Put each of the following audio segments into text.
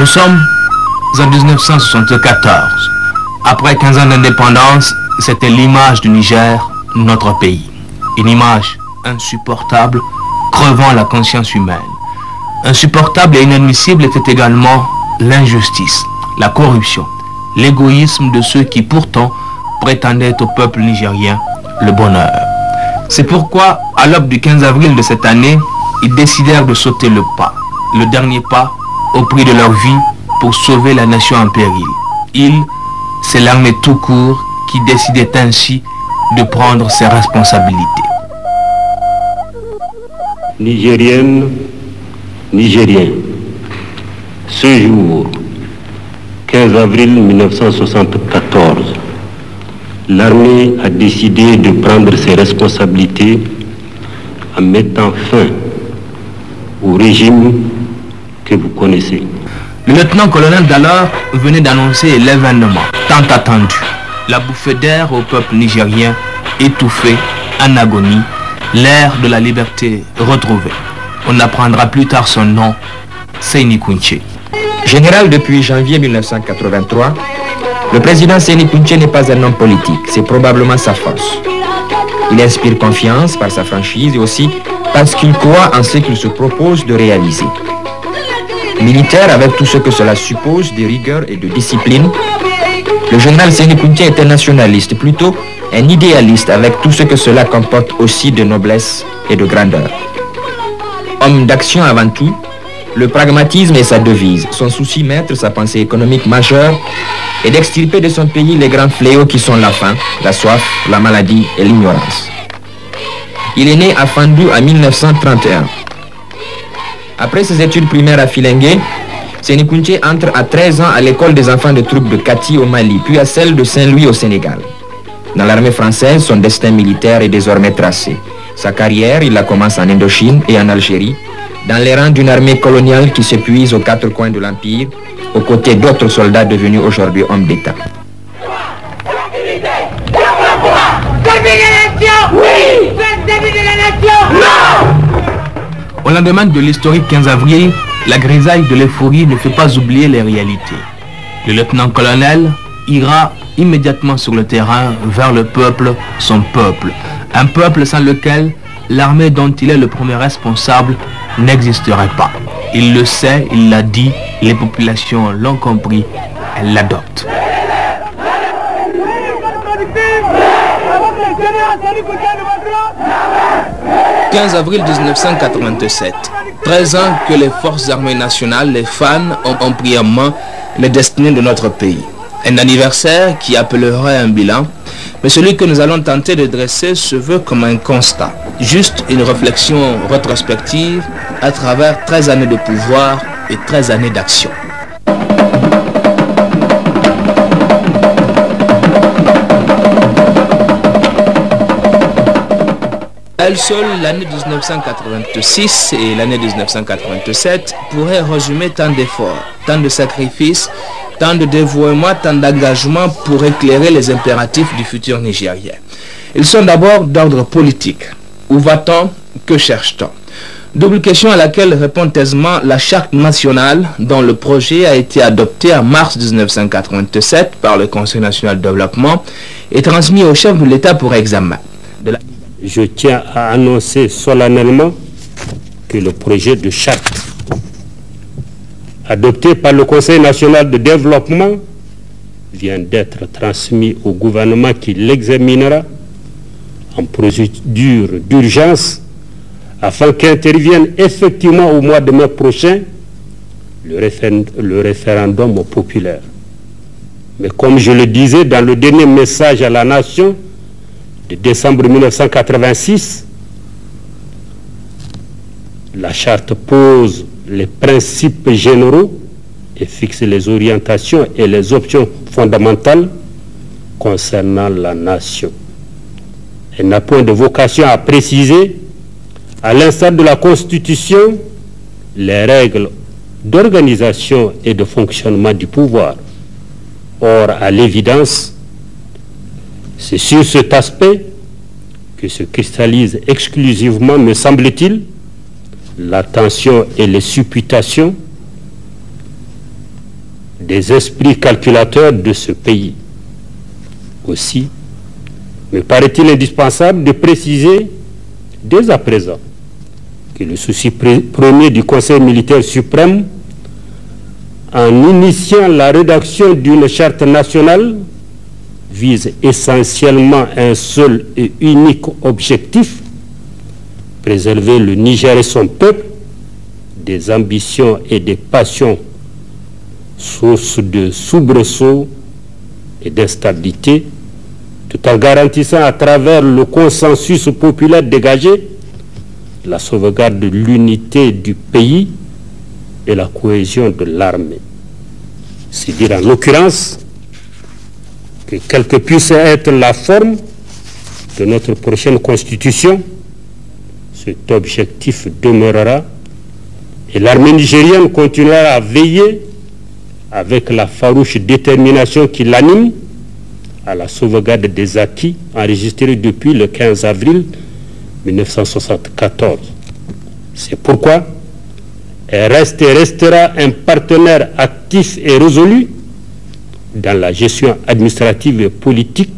Nous sommes en 1974. Après 15 ans d'indépendance, c'était l'image du Niger, notre pays. Une image insupportable, crevant la conscience humaine. Insupportable et inadmissible était également l'injustice, la corruption, l'égoïsme de ceux qui pourtant prétendaient au peuple nigérien le bonheur. C'est pourquoi, à l'aube du 15 avril de cette année, ils décidèrent de sauter le pas, le dernier pas au prix de leur vie pour sauver la nation en péril. il c'est l'armée tout court qui décidait ainsi de prendre ses responsabilités. Nigérienne, Nigérien, ce jour, 15 avril 1974, l'armée a décidé de prendre ses responsabilités en mettant fin au régime le lieutenant-colonel Dallor venait d'annoncer l'événement tant attendu. La bouffée d'air au peuple nigérien, étouffé, en agonie, l'air de la liberté retrouvée. On apprendra plus tard son nom, Seini Kunche. Général depuis janvier 1983, le président Seini Kunche n'est pas un homme politique, c'est probablement sa force. Il inspire confiance par sa franchise et aussi parce qu'il croit en ce qu'il se propose de réaliser. Militaire avec tout ce que cela suppose de rigueur et de discipline, le général est un nationaliste, plutôt un idéaliste avec tout ce que cela comporte aussi de noblesse et de grandeur. Homme d'action avant tout, le pragmatisme est sa devise, son souci maître, sa pensée économique majeure est d'extirper de son pays les grands fléaux qui sont la faim, la soif, la maladie et l'ignorance. Il est né à Fandou en 1931. Après ses études primaires à Filengue, Sénikounché entre à 13 ans à l'école des enfants de troupes de Kati au Mali, puis à celle de Saint-Louis au Sénégal. Dans l'armée française, son destin militaire est désormais tracé. Sa carrière, il la commence en Indochine et en Algérie, dans les rangs d'une armée coloniale qui s'épuise aux quatre coins de l'Empire, aux côtés d'autres soldats devenus aujourd'hui hommes d'État la lendemain de l'historique 15 avril, la grisaille de l'euphorie ne fait pas oublier les réalités. Le lieutenant-colonel ira immédiatement sur le terrain vers le peuple, son peuple. Un peuple sans lequel l'armée dont il est le premier responsable n'existerait pas. Il le sait, il l'a dit, les populations l'ont compris, elles l'adoptent. 15 avril 1987. 13 ans que les forces armées nationales, les fans, ont, pris en main les destinées de notre pays. Un anniversaire qui appellerait un bilan, mais celui que nous allons tenter de dresser se veut comme un constat, juste une réflexion rétrospective à travers 13 années de pouvoir et 13 années d'action. elle seule, l'année 1986 et l'année 1987 pourraient résumer tant d'efforts, tant de sacrifices, tant de dévouements, tant d'engagements pour éclairer les impératifs du futur nigérien. Ils sont d'abord d'ordre politique. Où va-t-on Que cherche-t-on Double question à laquelle répond aisément la charte nationale dont le projet a été adopté en mars 1987 par le Conseil national de développement et transmis au chef de l'État pour examen je tiens à annoncer solennellement que le projet de charte adopté par le Conseil national de développement vient d'être transmis au gouvernement qui l'examinera en procédure d'urgence afin qu'intervienne effectivement au mois de mai prochain le, référendum, populaire. Mais comme je le disais dans le dernier message à la nation, de décembre 1986, la charte pose les principes généraux et fixe les orientations et les options fondamentales concernant la nation. Elle n'a point de vocation à préciser, à l'instar de la Constitution, les règles d'organisation et de fonctionnement du pouvoir. Or, à l'évidence, c'est sur cet aspect que se cristallise exclusivement, me semble-t-il, la tension et les supputations des esprits calculateurs de ce pays. Aussi, me paraît-il indispensable de préciser dès à présent que le souci premier du Conseil militaire suprême, en initiant la rédaction d'une charte nationale vise essentiellement un seul et unique objectif, préserver le Niger et son peuple des ambitions et des passions, source de soubresauts et d'instabilité, tout en garantissant à travers le consensus populaire dégagé la sauvegarde de l'unité du pays et la cohésion de l'armée. C'est dire en l'occurrence que quelle que puisse être la forme de notre prochaine constitution, cet objectif demeurera et l'armée nigérienne continuera à veiller avec la farouche détermination qui l'anime à la sauvegarde des acquis enregistrés depuis le 15 avril 1974. C'est pourquoi elle reste restera un partenaire actif et résolu dans la gestion administrative et politique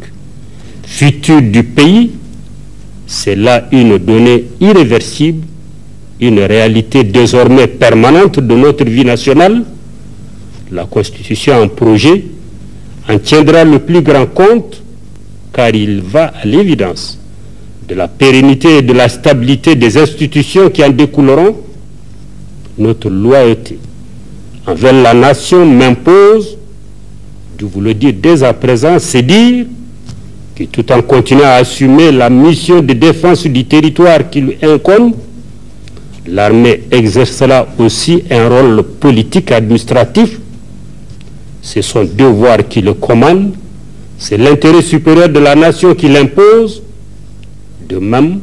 future du pays, c'est là une donnée irréversible, une réalité désormais permanente de notre vie nationale. La Constitution en projet en tiendra le plus grand compte car il va à l'évidence de la pérennité et de la stabilité des institutions qui en découleront. Notre loyauté envers la nation m'impose de vous le dire dès à présent, c'est dire que tout en continuant à assumer la mission de défense du territoire qui lui incombe, l'armée exercera aussi un rôle politique administratif. C'est son devoir qui le commande, c'est l'intérêt supérieur de la nation qui l'impose. De même,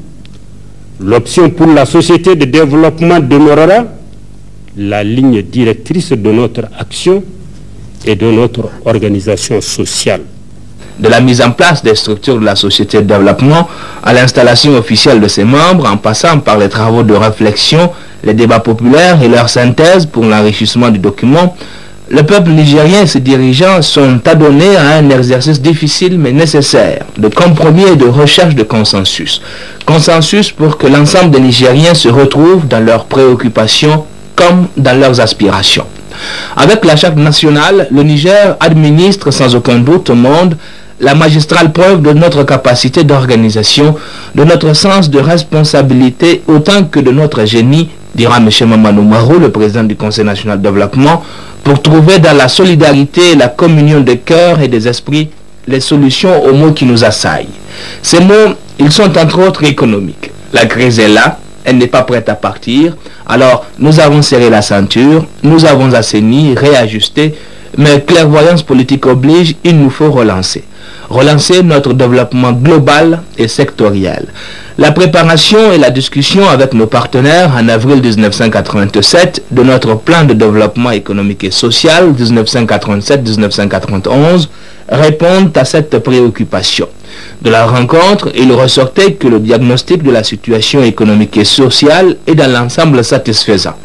l'option pour la société de développement demeurera la ligne directrice de notre action et de notre organisation sociale. De la mise en place des structures de la société de développement à l'installation officielle de ses membres, en passant par les travaux de réflexion, les débats populaires et leur synthèse pour l'enrichissement du document, le peuple nigérien et ses dirigeants sont adonnés à un exercice difficile mais nécessaire de compromis et de recherche de consensus. Consensus pour que l'ensemble des Nigériens se retrouvent dans leurs préoccupations comme dans leurs aspirations. Avec la charte nationale, le Niger administre sans aucun doute au monde la magistrale preuve de notre capacité d'organisation, de notre sens de responsabilité autant que de notre génie, dira M. Mamanou Marou, le président du Conseil national de développement, pour trouver dans la solidarité et la communion des cœurs et des esprits les solutions aux maux qui nous assaillent. Ces mots, ils sont entre autres économiques. La crise est là, elle n'est pas prête à partir. Alors, nous avons serré la ceinture, nous avons assaini, réajusté, mais clairvoyance politique oblige, il nous faut relancer. Relancer notre développement global et sectoriel. La préparation et la discussion avec nos partenaires en avril 1987 de notre plan de développement économique et social 1987-1991 répondent à cette préoccupation de la rencontre, il ressortait que le diagnostic de la situation économique et sociale est dans l'ensemble satisfaisant.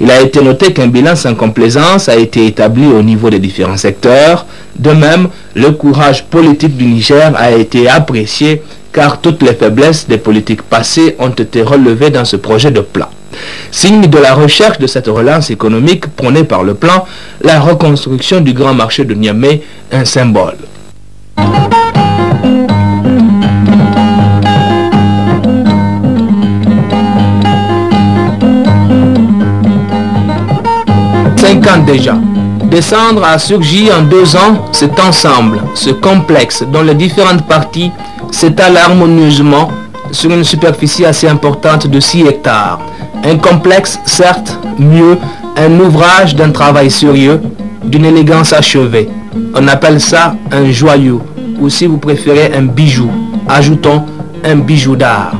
Il a été noté qu'un bilan sans complaisance a été établi au niveau des différents secteurs. De même, le courage politique du Niger a été apprécié car toutes les faiblesses des politiques passées ont été relevées dans ce projet de plan. Signe de la recherche de cette relance économique prônée par le plan, la reconstruction du grand marché de Niamey, un symbole. déjà. Descendre a surgi en deux ans cet ensemble, ce complexe dont les différentes parties s'étalent harmonieusement sur une superficie assez importante de 6 hectares. Un complexe, certes, mieux, un ouvrage d'un travail sérieux, d'une élégance achevée. On appelle ça un joyau, ou si vous préférez un bijou. Ajoutons un bijou d'art.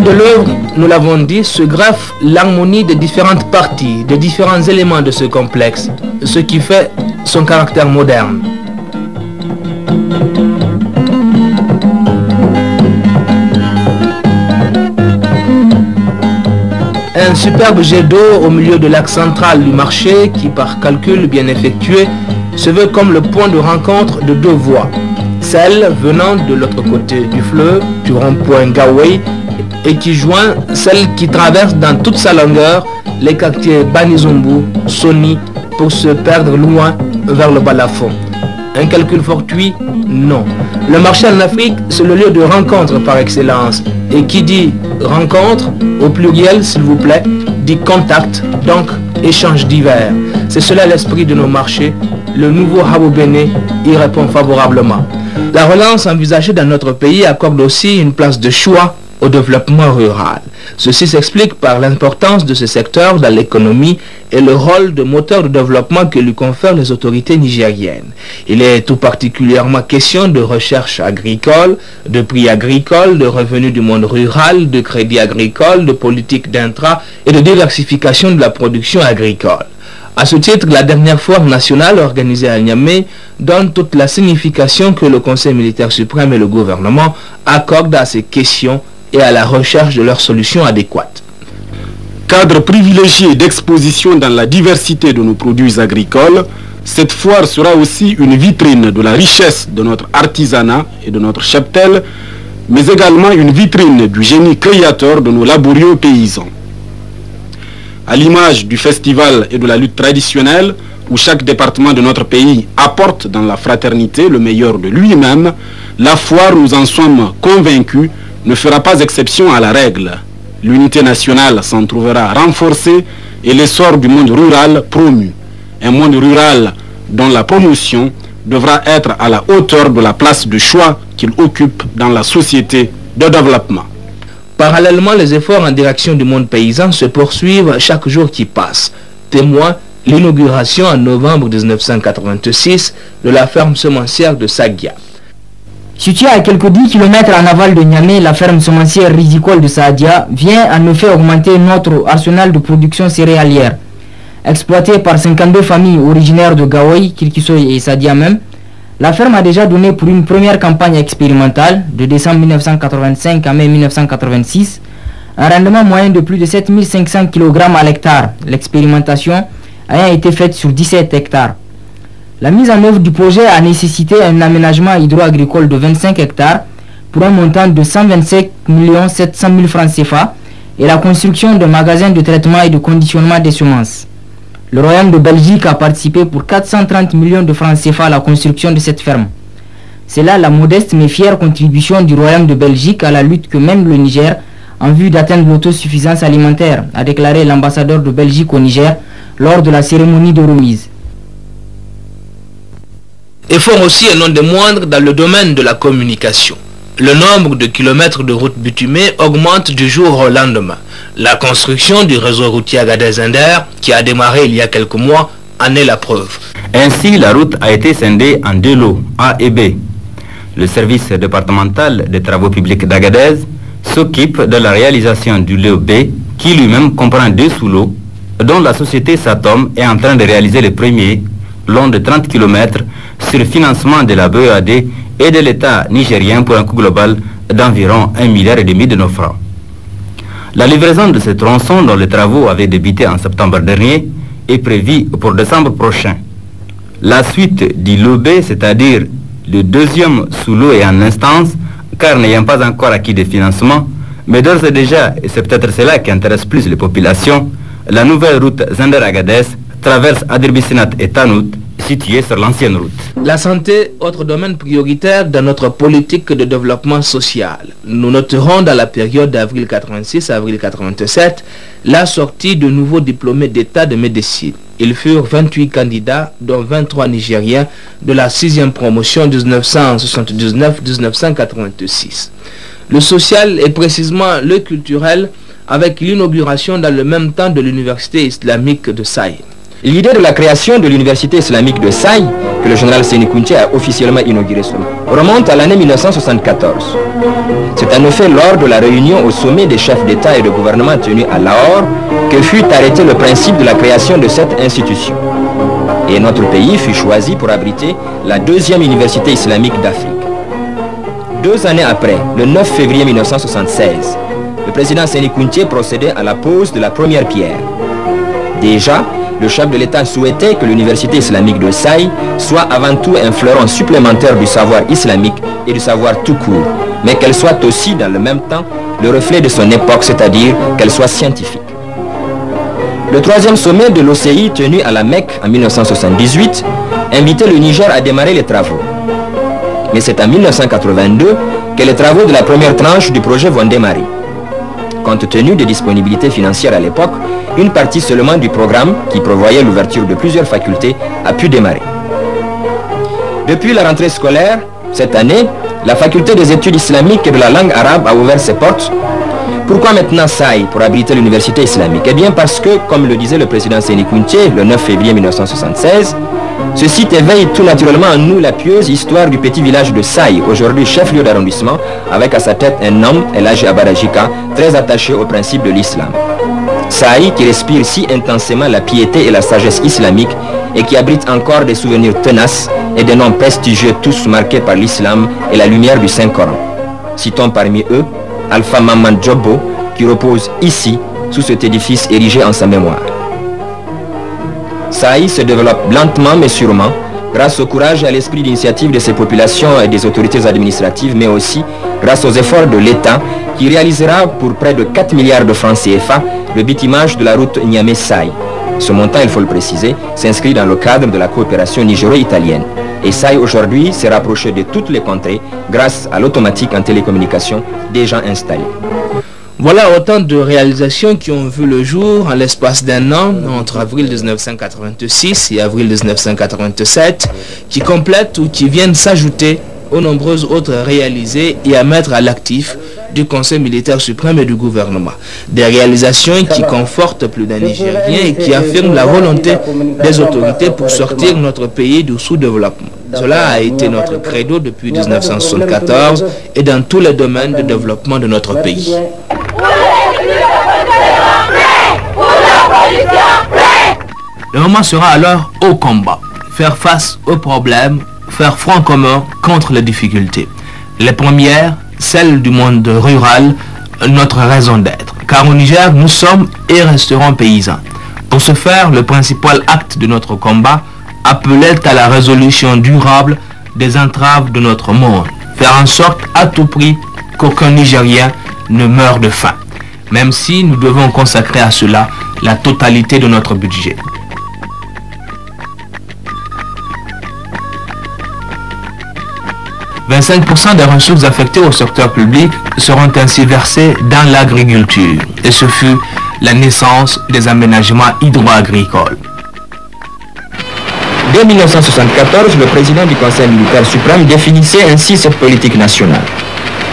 de l'eau nous l'avons dit, se greffe l'harmonie des différentes parties, des différents éléments de ce complexe, ce qui fait son caractère moderne. Un superbe jet d'eau au milieu de l'axe central du marché qui, par calcul bien effectué, se veut comme le point de rencontre de deux voies. Celle venant de l'autre côté du fleuve, du rond-point Gaway, et qui joint celle qui traverse dans toute sa longueur les quartiers Banizumbu, Sony, pour se perdre loin vers le balafon. Un calcul fortuit Non. Le marché en Afrique, c'est le lieu de rencontre par excellence. Et qui dit rencontre, au pluriel s'il vous plaît, dit contact, donc échange divers. C'est cela l'esprit de nos marchés. Le nouveau Habo Bene y répond favorablement. La relance envisagée dans notre pays accorde aussi une place de choix au développement rural. Ceci s'explique par l'importance de ce secteur dans l'économie et le rôle de moteur de développement que lui confèrent les autorités nigériennes. Il est tout particulièrement question de recherche agricole, de prix agricole, de revenus du monde rural, de crédit agricole, de politique d'intra et de diversification de la production agricole. À ce titre, la dernière foire nationale organisée à Niamey donne toute la signification que le Conseil militaire suprême et le gouvernement accordent à ces questions et à la recherche de leurs solutions adéquates. Cadre privilégié d'exposition dans la diversité de nos produits agricoles, cette foire sera aussi une vitrine de la richesse de notre artisanat et de notre cheptel, mais également une vitrine du génie créateur de nos laborieux paysans. À l'image du festival et de la lutte traditionnelle, où chaque département de notre pays apporte dans la fraternité le meilleur de lui-même, la foire, nous en sommes convaincus, ne fera pas exception à la règle. L'unité nationale s'en trouvera renforcée et l'essor du monde rural promu. Un monde rural dont la promotion devra être à la hauteur de la place de choix qu'il occupe dans la société de développement. Parallèlement, les efforts en direction du monde paysan se poursuivent chaque jour qui passe. Témoin, l'inauguration en novembre 1986 de la ferme semencière de Sagia. Située à quelques 10 km en aval de Niamey, la ferme semencière rizicole de Saadia vient en effet augmenter notre arsenal de production céréalière. Exploitée par 52 familles originaires de Gaoui, Kirkisoy et Saadia même, la ferme a déjà donné pour une première campagne expérimentale de décembre 1985 à mai 1986 un rendement moyen de plus de 7500 kg à l'hectare, l'expérimentation ayant été faite sur 17 hectares. La mise en œuvre du projet a nécessité un aménagement hydroagricole de 25 hectares pour un montant de 125 700 000 francs CFA et la construction de magasins de traitement et de conditionnement des semences. Le Royaume de Belgique a participé pour 430 millions de francs CFA à la construction de cette ferme. C'est là la modeste mais fière contribution du Royaume de Belgique à la lutte que mène le Niger en vue d'atteindre l'autosuffisance alimentaire, a déclaré l'ambassadeur de Belgique au Niger lors de la cérémonie de remise et font aussi un nom des moindres dans le domaine de la communication. Le nombre de kilomètres de routes bitumées augmente du jour au lendemain. La construction du réseau routier Agadez-Inder, qui a démarré il y a quelques mois, en est la preuve. Ainsi, la route a été scindée en deux lots, A et B. Le service départemental des travaux publics d'Agadez s'occupe de la réalisation du lot B, qui lui-même comprend deux sous-lots, dont la société Satom est en train de réaliser le premier long de 30 km sur le financement de la BEAD et de l'État nigérien pour un coût global d'environ 1,5 milliard et demi de nos francs. La livraison de ce tronçon dont les travaux avaient débuté en septembre dernier est prévue pour décembre prochain. La suite du lobé, c'est-à-dire le deuxième sous l'eau et en instance, car n'ayant pas encore acquis de financement, mais d'ores et déjà, et c'est peut-être cela qui intéresse plus les populations, la nouvelle route Zender-Agadez traverse Adirbisinat et Tanout, située sur l'ancienne route. La santé, autre domaine prioritaire dans notre politique de développement social. Nous noterons dans la période d'avril 86 à avril 87 la sortie de nouveaux diplômés d'état de médecine. Ils furent 28 candidats, dont 23 Nigériens, de la 6e promotion 1979-1986. Le social est précisément le culturel avec l'inauguration dans le même temps de l'université islamique de Saïd. L'idée de la création de l'université islamique de Saï, que le général Sénikounche a officiellement inauguré inaugurée remonte à l'année 1974. C'est en effet lors de la réunion au sommet des chefs d'État et de gouvernement tenus à Lahore que fut arrêté le principe de la création de cette institution. Et notre pays fut choisi pour abriter la deuxième université islamique d'Afrique. Deux années après, le 9 février 1976, le président Sénikounche procédait à la pose de la première pierre. Déjà, le chef de l'État souhaitait que l'université islamique de Saï soit avant tout un fleuron supplémentaire du savoir islamique et du savoir tout court, mais qu'elle soit aussi dans le même temps le reflet de son époque, c'est-à-dire qu'elle soit scientifique. Le troisième sommet de l'OCI tenu à la Mecque en 1978 invitait le Niger à démarrer les travaux. Mais c'est en 1982 que les travaux de la première tranche du projet vont démarrer. Compte tenu des disponibilités financières à l'époque, une partie seulement du programme, qui prévoyait l'ouverture de plusieurs facultés, a pu démarrer. Depuis la rentrée scolaire, cette année, la faculté des études islamiques et de la langue arabe a ouvert ses portes. Pourquoi maintenant Saï pour abriter l'université islamique Eh bien parce que, comme le disait le président Séné le 9 février 1976, ce site éveille tout naturellement en nous la pieuse histoire du petit village de Saï, aujourd'hui chef-lieu d'arrondissement, avec à sa tête un homme, Elage Abarajika, très attaché au principe de l'islam. Saï, qui respire si intensément la piété et la sagesse islamique, et qui abrite encore des souvenirs tenaces et des noms prestigieux tous marqués par l'islam et la lumière du Saint-Coran. Citons parmi eux Alpha Maman qui repose ici, sous cet édifice érigé en sa mémoire. SAI se développe lentement mais sûrement grâce au courage et à l'esprit d'initiative de ses populations et des autorités administratives, mais aussi grâce aux efforts de l'État qui réalisera pour près de 4 milliards de francs CFA le bitimage de la route niamey sai Ce montant, il faut le préciser, s'inscrit dans le cadre de la coopération nigéro-italienne. Et SAI, aujourd'hui s'est rapproché de toutes les contrées grâce à l'automatique en télécommunication déjà installée. Voilà autant de réalisations qui ont vu le jour en l'espace d'un an, entre avril 1986 et avril 1987, qui complètent ou qui viennent s'ajouter aux nombreuses autres réalisées et à mettre à l'actif du Conseil militaire suprême et du gouvernement. Des réalisations qui confortent plus d'un Nigérien et qui affirment la volonté des autorités pour sortir notre pays du sous-développement. Cela a été notre credo depuis 1974 et dans tous les domaines de développement de notre pays. Le moment sera alors au combat, faire face aux problèmes, faire front commun contre les difficultés. Les premières, celles du monde rural, notre raison d'être. Car au Niger, nous sommes et resterons paysans. Pour ce faire, le principal acte de notre combat appelait à la résolution durable des entraves de notre monde. Faire en sorte à tout prix qu'aucun Nigérien ne meurt de faim, même si nous devons consacrer à cela la totalité de notre budget. « 25% des ressources affectées au secteur public seront ainsi versées dans l'agriculture. Et ce fut la naissance des aménagements hydro-agricoles. Dès 1974, le président du Conseil militaire suprême définissait ainsi cette politique nationale.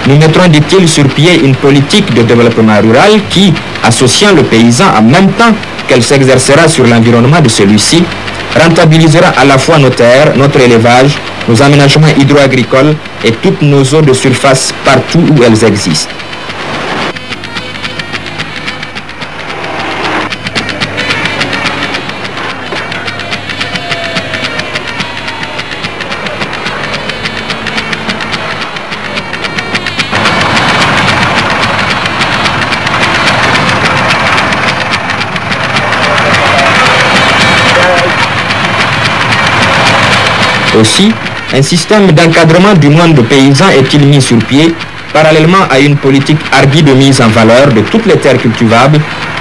Nous mettrons, dit-il, sur pied une politique de développement rural qui, associant le paysan en même temps qu'elle s'exercera sur l'environnement de celui-ci, rentabilisera à la fois nos terres, notre élevage, nos aménagements hydro-agricoles et toutes nos eaux de surface partout où elles existent. Aussi, un système d'encadrement du monde paysans est-il mis sur pied parallèlement à une politique hardie de mise en valeur de toutes les terres cultivables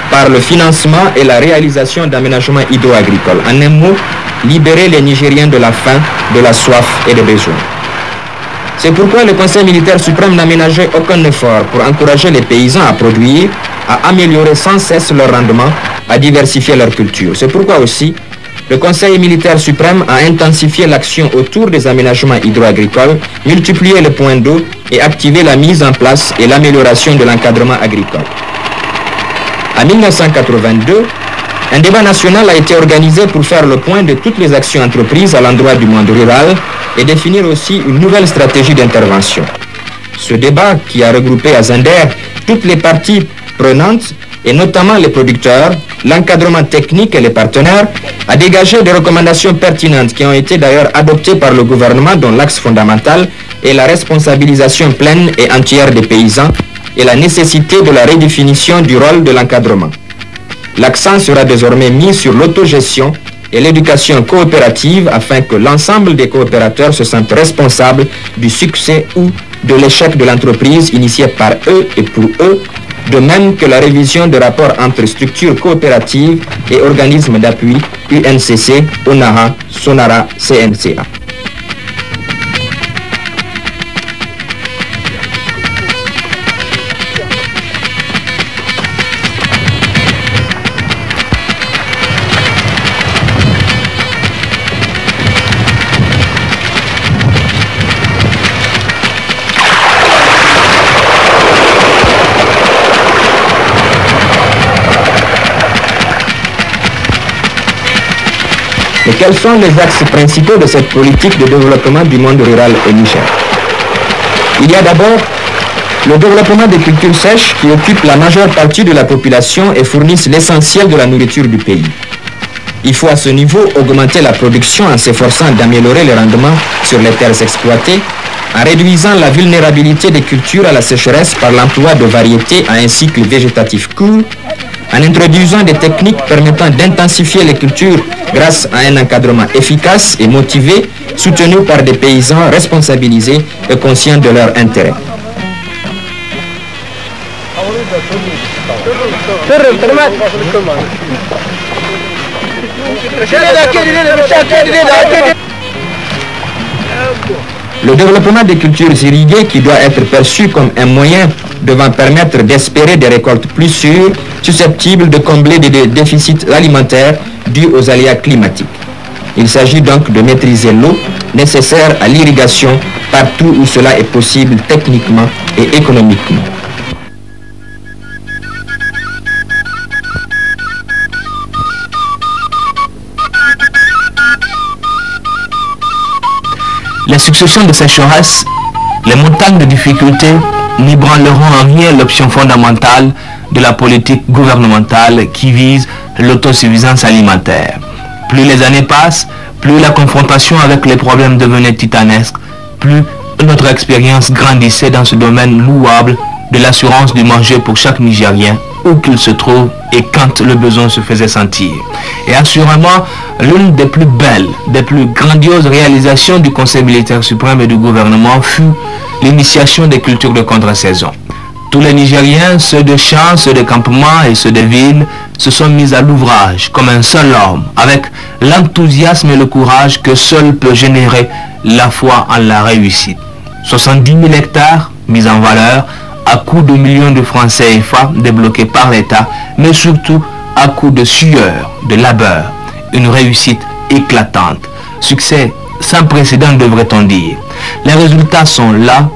par le financement et la réalisation d'aménagements hydro-agricoles. En un mot, libérer les Nigériens de la faim, de la soif et des besoins. C'est pourquoi le Conseil militaire suprême n'aménageait aucun effort pour encourager les paysans à produire, à améliorer sans cesse leur rendement, à diversifier leur culture. C'est pourquoi aussi le Conseil militaire suprême a intensifié l'action autour des aménagements hydro-agricoles, multiplié les points d'eau et activé la mise en place et l'amélioration de l'encadrement agricole. En 1982, un débat national a été organisé pour faire le point de toutes les actions entreprises à l'endroit du monde rural et définir aussi une nouvelle stratégie d'intervention. Ce débat, qui a regroupé à Zender toutes les parties prenantes et notamment les producteurs, l'encadrement technique et les partenaires, a dégagé des recommandations pertinentes qui ont été d'ailleurs adoptées par le gouvernement dont l'axe fondamental est la responsabilisation pleine et entière des paysans et la nécessité de la redéfinition du rôle de l'encadrement. L'accent sera désormais mis sur l'autogestion et l'éducation coopérative afin que l'ensemble des coopérateurs se sentent responsables du succès ou de l'échec de l'entreprise initiée par eux et pour eux de même que la révision de rapports entre structures coopératives et organismes d'appui UNCC, ONARA, SONARA, CNCA. Mais quels sont les axes principaux de cette politique de développement du monde rural au Niger Il y a d'abord le développement des cultures sèches qui occupent la majeure partie de la population et fournissent l'essentiel de la nourriture du pays. Il faut à ce niveau augmenter la production en s'efforçant d'améliorer le rendement sur les terres exploitées, en réduisant la vulnérabilité des cultures à la sécheresse par l'emploi de variétés à un cycle végétatif court en introduisant des techniques permettant d'intensifier les cultures grâce à un encadrement efficace et motivé, soutenu par des paysans responsabilisés et conscients de leurs intérêts. Le développement des cultures irriguées qui doit être perçu comme un moyen devant permettre d'espérer des récoltes plus sûres, susceptibles de combler des déficits alimentaires dus aux aléas climatiques. Il s'agit donc de maîtriser l'eau nécessaire à l'irrigation partout où cela est possible techniquement et économiquement. La succession de sécheresses, les montagnes de difficultés n'ébranleront en rien l'option fondamentale de la politique gouvernementale qui vise l'autosuffisance alimentaire. Plus les années passent, plus la confrontation avec les problèmes devenait titanesque, plus notre expérience grandissait dans ce domaine louable de l'assurance du manger pour chaque Nigérien où qu'il se trouve et quand le besoin se faisait sentir. Et assurément, l'une des plus belles, des plus grandioses réalisations du Conseil militaire suprême et du gouvernement fut l'initiation des cultures de contre-saison. Tous les Nigériens, ceux de champs, ceux de campements et ceux de villes, se sont mis à l'ouvrage comme un seul homme, avec l'enthousiasme et le courage que seul peut générer la foi en la réussite. 70 000 hectares mis en valeur, à coups de millions de Français et femmes débloqués par l'État, mais surtout à coups de sueur, de labeur. Une réussite éclatante. Succès sans précédent devrait-on dire. Les résultats sont là,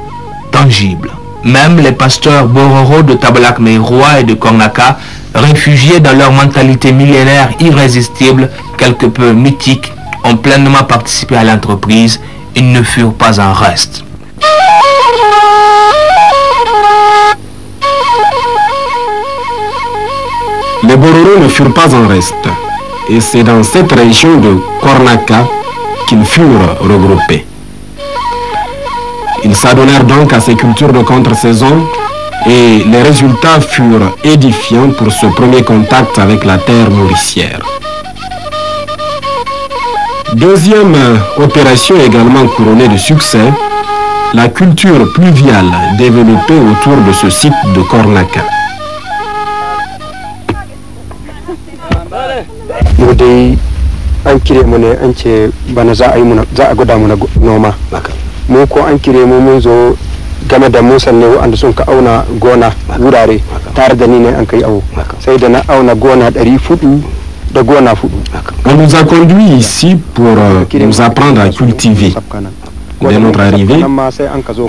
tangibles. Même les pasteurs Bororo de Tabalak et de Kornaka, réfugiés dans leur mentalité millénaire irrésistible, quelque peu mythique, ont pleinement participé à l'entreprise. Ils ne furent pas en reste. Les Bororo ne furent pas en reste, et c'est dans cette région de Kornaka qu'ils furent regroupés. Ils s'adonnèrent donc à ces cultures de contre-saison et les résultats furent édifiants pour ce premier contact avec la terre nourricière. Deuxième opération également couronnée de succès, la culture pluviale développée autour de ce site de Cornaca. dai an kire mu ne an ce bana za a yi za a gwada mu noma mu ko an kire mu mun zo game da musan ne wa'anda sun ka auna gona wurare tare da ni ne an kai awo sai da na auna gona ɗari fudu da gona fudu euh, on nous a conduit ici pour nous apprendre à cultiver dès notre arrivée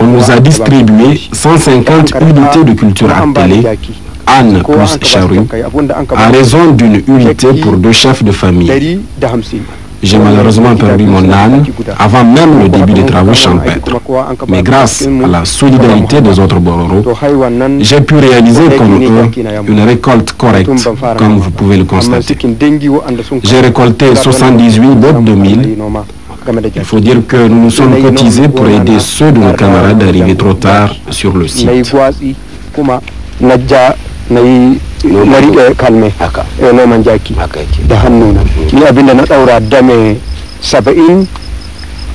on nous a distribué 150 unités de culture appelées Anne plus Charu, à raison d'une unité pour deux chefs de famille. J'ai malheureusement perdu mon âne avant même le début des travaux champêtres. Mais grâce à la solidarité des autres Bororo, j'ai pu réaliser comme eux une récolte correcte, comme vous pouvez le constater. J'ai récolté 78 bottes de mille. Il faut dire que nous nous sommes cotisés pour aider ceux de nos camarades arrivés trop tard sur le site. na yi na riƙe kalme a loman eh, jaki da hannuna mm. ni abinda na ɗaura dame saba'in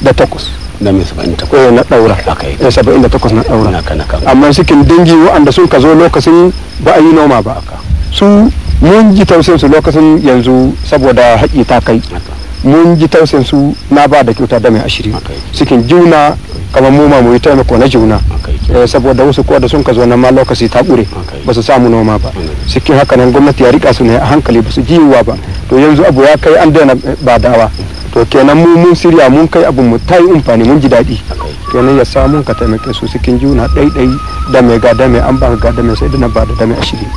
da takwas dame saba'in da takwas eh, na ɗaura da eh, saba'in da takwas na ɗaura amma cikin dangi wa'anda sun ka zo lokacin ba a yi noma ba su mun ji tausayin su lokacin yanzu saboda haƙi ta kai mun ji tausayin su na ba da kyauta dame ashirin cikin juna kamar mu ma mu yi taimako na juna Eh, saboda wasu ko da sun ka zo na ma lokaci ta kure ba su samu noma ba cikin haka nan gwamnati ya rika su ne a hankali ba su jiwa ba to yanzu abu ya kai an daina badawa to kenan mu mun shirya mun kai abu mu ta yi amfani mun ji daɗi kenan ya samu ka taimake su cikin juna ɗaiɗai da mai ga da mai an ba ga da mai sai da na ba da da mai ashirin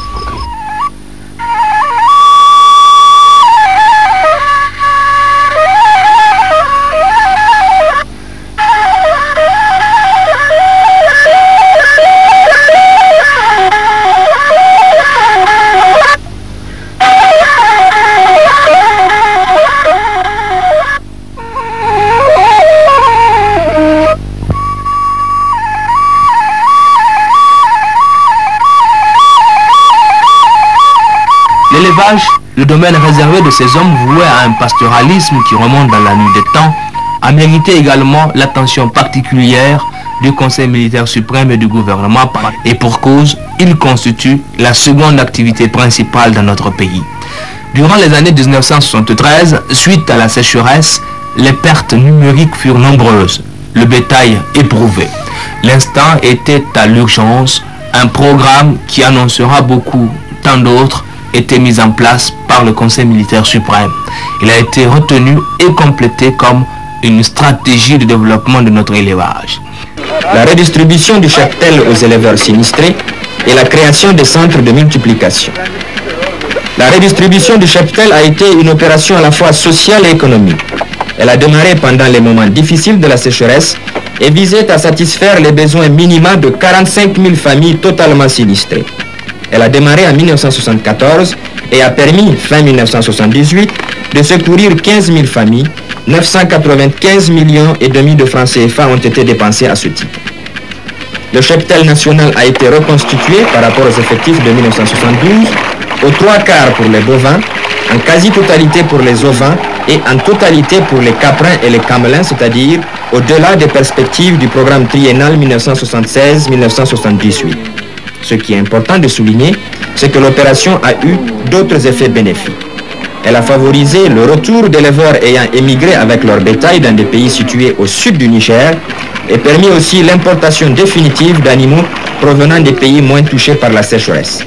le domaine réservé de ces hommes voués à un pastoralisme qui remonte dans la nuit des temps, a mérité également l'attention particulière du Conseil militaire suprême et du gouvernement. Et pour cause, il constitue la seconde activité principale dans notre pays. Durant les années 1973, suite à la sécheresse, les pertes numériques furent nombreuses, le bétail éprouvé. L'instant était à l'urgence, un programme qui annoncera beaucoup tant d'autres été mise en place par le Conseil militaire suprême. Il a été retenu et complété comme une stratégie de développement de notre élevage. La redistribution du cheptel aux éleveurs sinistrés et la création des centres de multiplication. La redistribution du cheptel a été une opération à la fois sociale et économique. Elle a démarré pendant les moments difficiles de la sécheresse et visait à satisfaire les besoins minima de 45 000 familles totalement sinistrées. Elle a démarré en 1974 et a permis, fin 1978, de secourir 15 000 familles. 995 millions et demi de francs CFA ont été dépensés à ce titre. Le cheptel national a été reconstitué par rapport aux effectifs de 1972, aux trois quarts pour les bovins, en quasi-totalité pour les ovins et en totalité pour les caprins et les camelins, c'est-à-dire au-delà des perspectives du programme triennal 1976-1978. Ce qui est important de souligner, c'est que l'opération a eu d'autres effets bénéfiques. Elle a favorisé le retour d'éleveurs ayant émigré avec leur bétail dans des pays situés au sud du Niger et permis aussi l'importation définitive d'animaux provenant des pays moins touchés par la sécheresse.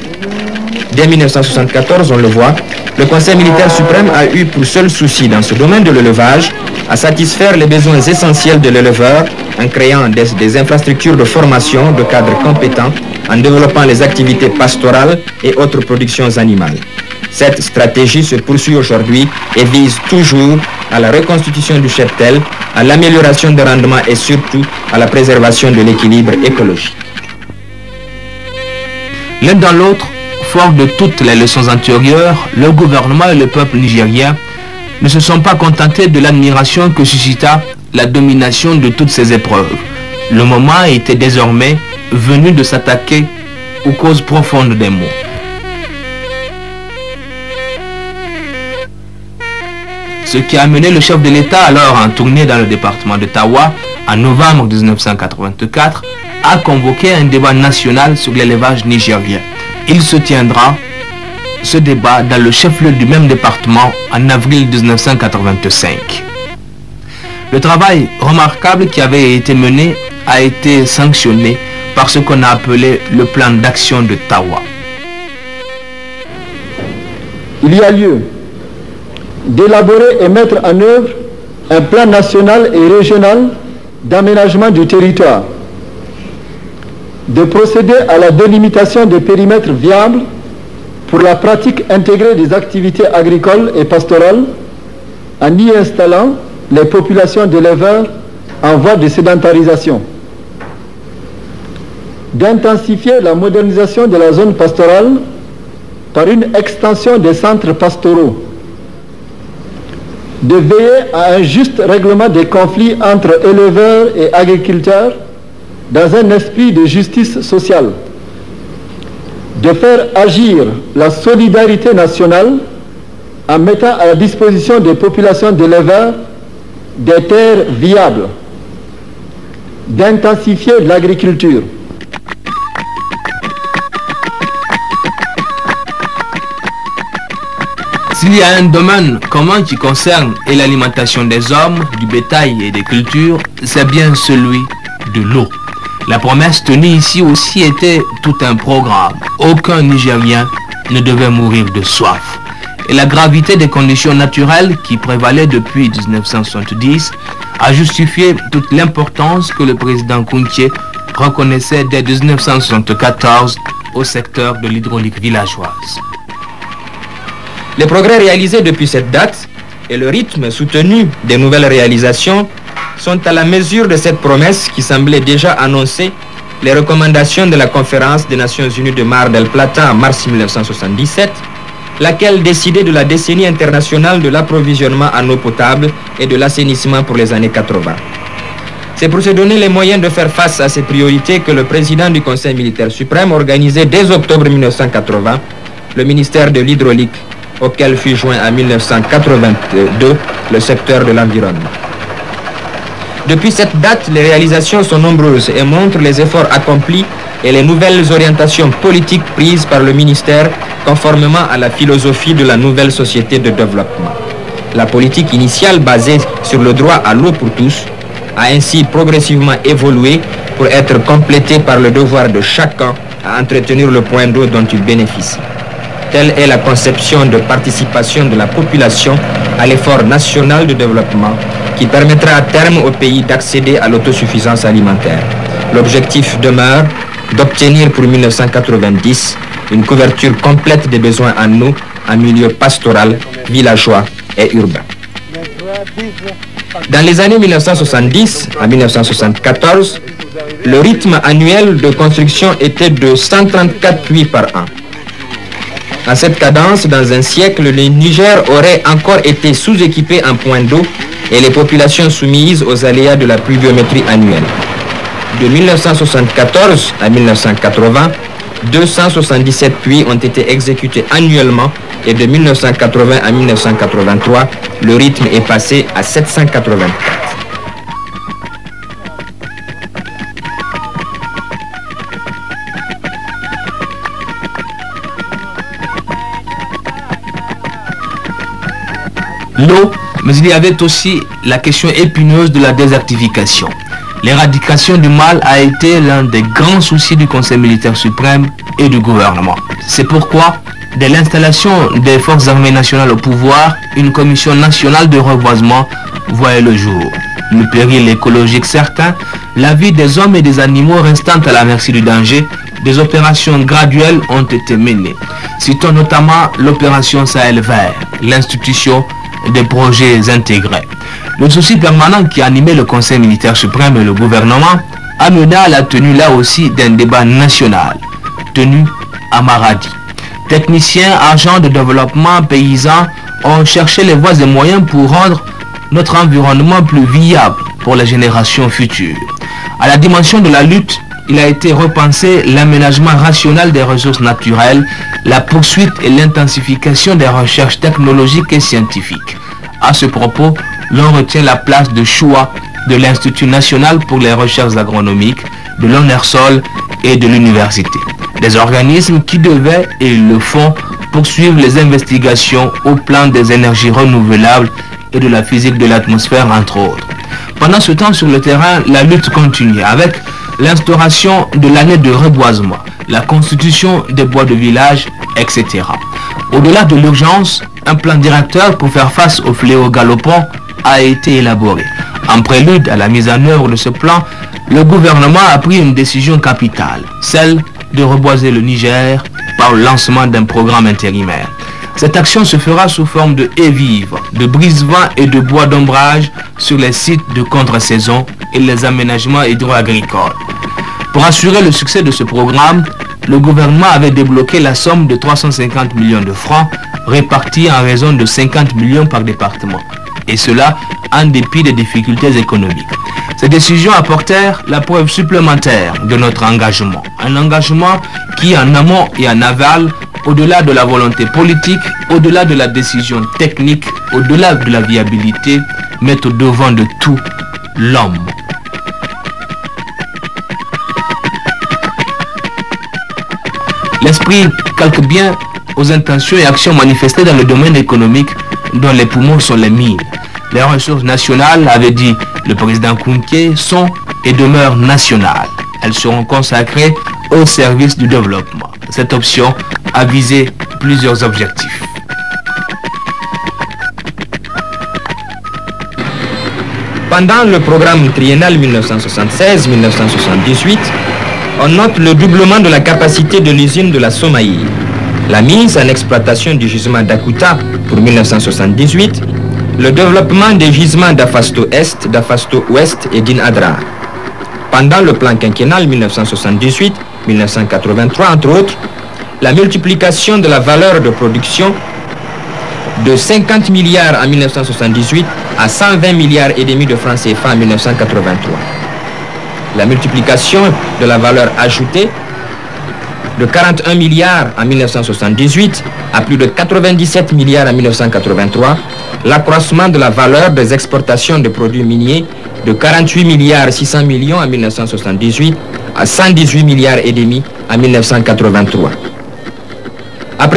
Dès 1974, on le voit, le Conseil militaire suprême a eu pour seul souci dans ce domaine de l'élevage à satisfaire les besoins essentiels de l'éleveur en créant des infrastructures de formation de cadres compétents en développant les activités pastorales et autres productions animales. Cette stratégie se poursuit aujourd'hui et vise toujours à la reconstitution du cheptel, à l'amélioration des rendements et surtout à la préservation de l'équilibre écologique. L'un dans l'autre, fort de toutes les leçons antérieures, le gouvernement et le peuple nigérien ne se sont pas contentés de l'admiration que suscita la domination de toutes ces épreuves. Le moment était désormais venu de s'attaquer aux causes profondes des maux. Ce qui a amené le chef de l'État alors en tournée dans le département de Tawa en novembre 1984 a convoqué un débat national sur l'élevage nigérien. Il se tiendra ce débat dans le chef-lieu du même département en avril 1985. Le travail remarquable qui avait été mené a été sanctionné par ce qu'on a appelé le plan d'action de Tawa. Il y a lieu d'élaborer et mettre en œuvre un plan national et régional d'aménagement du territoire, de procéder à la délimitation des périmètres viables pour la pratique intégrée des activités agricoles et pastorales en y installant les populations d'éleveurs en voie de sédentarisation d'intensifier la modernisation de la zone pastorale par une extension des centres pastoraux, de veiller à un juste règlement des conflits entre éleveurs et agriculteurs dans un esprit de justice sociale, de faire agir la solidarité nationale en mettant à la disposition des populations d'éleveurs des terres viables, d'intensifier l'agriculture, S'il y a un domaine commun qui concerne et l'alimentation des hommes, du bétail et des cultures, c'est bien celui de l'eau. La promesse tenue ici aussi était tout un programme. Aucun Nigérien ne devait mourir de soif. Et la gravité des conditions naturelles qui prévalaient depuis 1970 a justifié toute l'importance que le président Kountier reconnaissait dès 1974 au secteur de l'hydraulique villageoise. Les progrès réalisés depuis cette date et le rythme soutenu des nouvelles réalisations sont à la mesure de cette promesse qui semblait déjà annoncer les recommandations de la conférence des Nations Unies de Mar del Plata en mars 1977, laquelle décidait de la décennie internationale de l'approvisionnement en eau potable et de l'assainissement pour les années 80. C'est pour se donner les moyens de faire face à ces priorités que le président du Conseil militaire suprême organisait dès octobre 1980 le ministère de l'hydraulique auquel fut joint en 1982 le secteur de l'environnement. Depuis cette date, les réalisations sont nombreuses et montrent les efforts accomplis et les nouvelles orientations politiques prises par le ministère conformément à la philosophie de la nouvelle société de développement. La politique initiale basée sur le droit à l'eau pour tous a ainsi progressivement évolué pour être complétée par le devoir de chacun à entretenir le point d'eau dont il bénéficie. Telle est la conception de participation de la population à l'effort national de développement qui permettra à terme au pays d'accéder à l'autosuffisance alimentaire. L'objectif demeure d'obtenir pour 1990 une couverture complète des besoins en eau en milieu pastoral, villageois et urbain. Dans les années 1970 à 1974, le rythme annuel de construction était de 134 puits par an. À cette cadence, dans un siècle, le Niger aurait encore été sous-équipé en points d'eau et les populations soumises aux aléas de la pluviométrie annuelle. De 1974 à 1980, 277 puits ont été exécutés annuellement et de 1980 à 1983, le rythme est passé à 780. l'eau, mais il y avait aussi la question épineuse de la désertification. L'éradication du mal a été l'un des grands soucis du Conseil militaire suprême et du gouvernement. C'est pourquoi, dès l'installation des forces armées nationales au pouvoir, une commission nationale de reboisement voyait le jour. Le péril écologique certain, la vie des hommes et des animaux restant à la merci du danger, des opérations graduelles ont été menées. Citons notamment l'opération Sahel Vert, l'institution des projets intégrés. Le souci permanent qui animait le Conseil militaire suprême et le gouvernement amena à la tenue là aussi d'un débat national, tenu à Maradi. Techniciens, agents de développement, paysans ont cherché les voies et moyens pour rendre notre environnement plus viable pour les générations futures. À la dimension de la lutte il a été repensé l'aménagement rationnel des ressources naturelles, la poursuite et l'intensification des recherches technologiques et scientifiques. À ce propos, l'on retient la place de choix de l'Institut national pour les recherches agronomiques, de l'ONERSOL et de l'université. Des organismes qui devaient, et le font, poursuivre les investigations au plan des énergies renouvelables et de la physique de l'atmosphère, entre autres. Pendant ce temps, sur le terrain, la lutte continue avec l'instauration de l'année de reboisement, la constitution des bois de village, etc. Au-delà de l'urgence, un plan directeur pour faire face au fléau galopant a été élaboré. En prélude à la mise en œuvre de ce plan, le gouvernement a pris une décision capitale, celle de reboiser le Niger par le lancement d'un programme intérimaire. Cette action se fera sous forme de haies vives, de brise-vent et de bois d'ombrage sur les sites de contre-saison et les aménagements hydro-agricoles. Pour assurer le succès de ce programme, le gouvernement avait débloqué la somme de 350 millions de francs répartis en raison de 50 millions par département. Et cela en dépit des difficultés économiques. Ces décisions apportèrent la preuve supplémentaire de notre engagement. Un engagement qui, en amont et en aval, au-delà de la volonté politique, au-delà de la décision technique, au-delà de la viabilité, mettre au devant de tout l'homme. L'esprit calque bien aux intentions et actions manifestées dans le domaine économique dont les poumons sont les mines. Les ressources nationales, avait dit le président Kounke, sont et demeurent nationales. Elles seront consacrées au service du développement. Cette option ...a visé plusieurs objectifs. Pendant le programme triennal 1976-1978, on note le doublement de la capacité de l'usine de la Somaïe, la mise en exploitation du gisement d'Akuta pour 1978, le développement des gisements d'Afasto Est, d'Afasto Ouest et d'Inadra. Pendant le plan quinquennal 1978-1983, entre autres, la multiplication de la valeur de production de 50 milliards en 1978 à 120 milliards et demi de francs CFA en 1983. La multiplication de la valeur ajoutée de 41 milliards en 1978 à plus de 97 milliards en 1983, l'accroissement de la valeur des exportations de produits miniers de 48 milliards 600 millions en 1978 à 118 milliards et demi en 1983.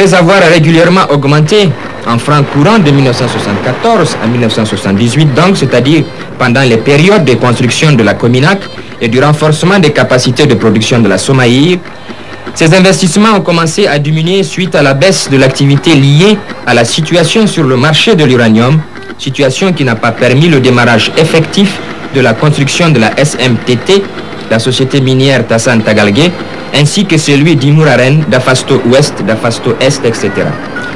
Après avoir régulièrement augmenté en francs courants de 1974 à 1978, donc, c'est-à-dire pendant les périodes de construction de la Cominac et du renforcement des capacités de production de la Somaï. ces investissements ont commencé à diminuer suite à la baisse de l'activité liée à la situation sur le marché de l'uranium, situation qui n'a pas permis le démarrage effectif de la construction de la SMTT, la société minière Tassan Tagalgué, ainsi que celui d'Imouraren, d'Afasto Ouest, d'Afasto Est, etc.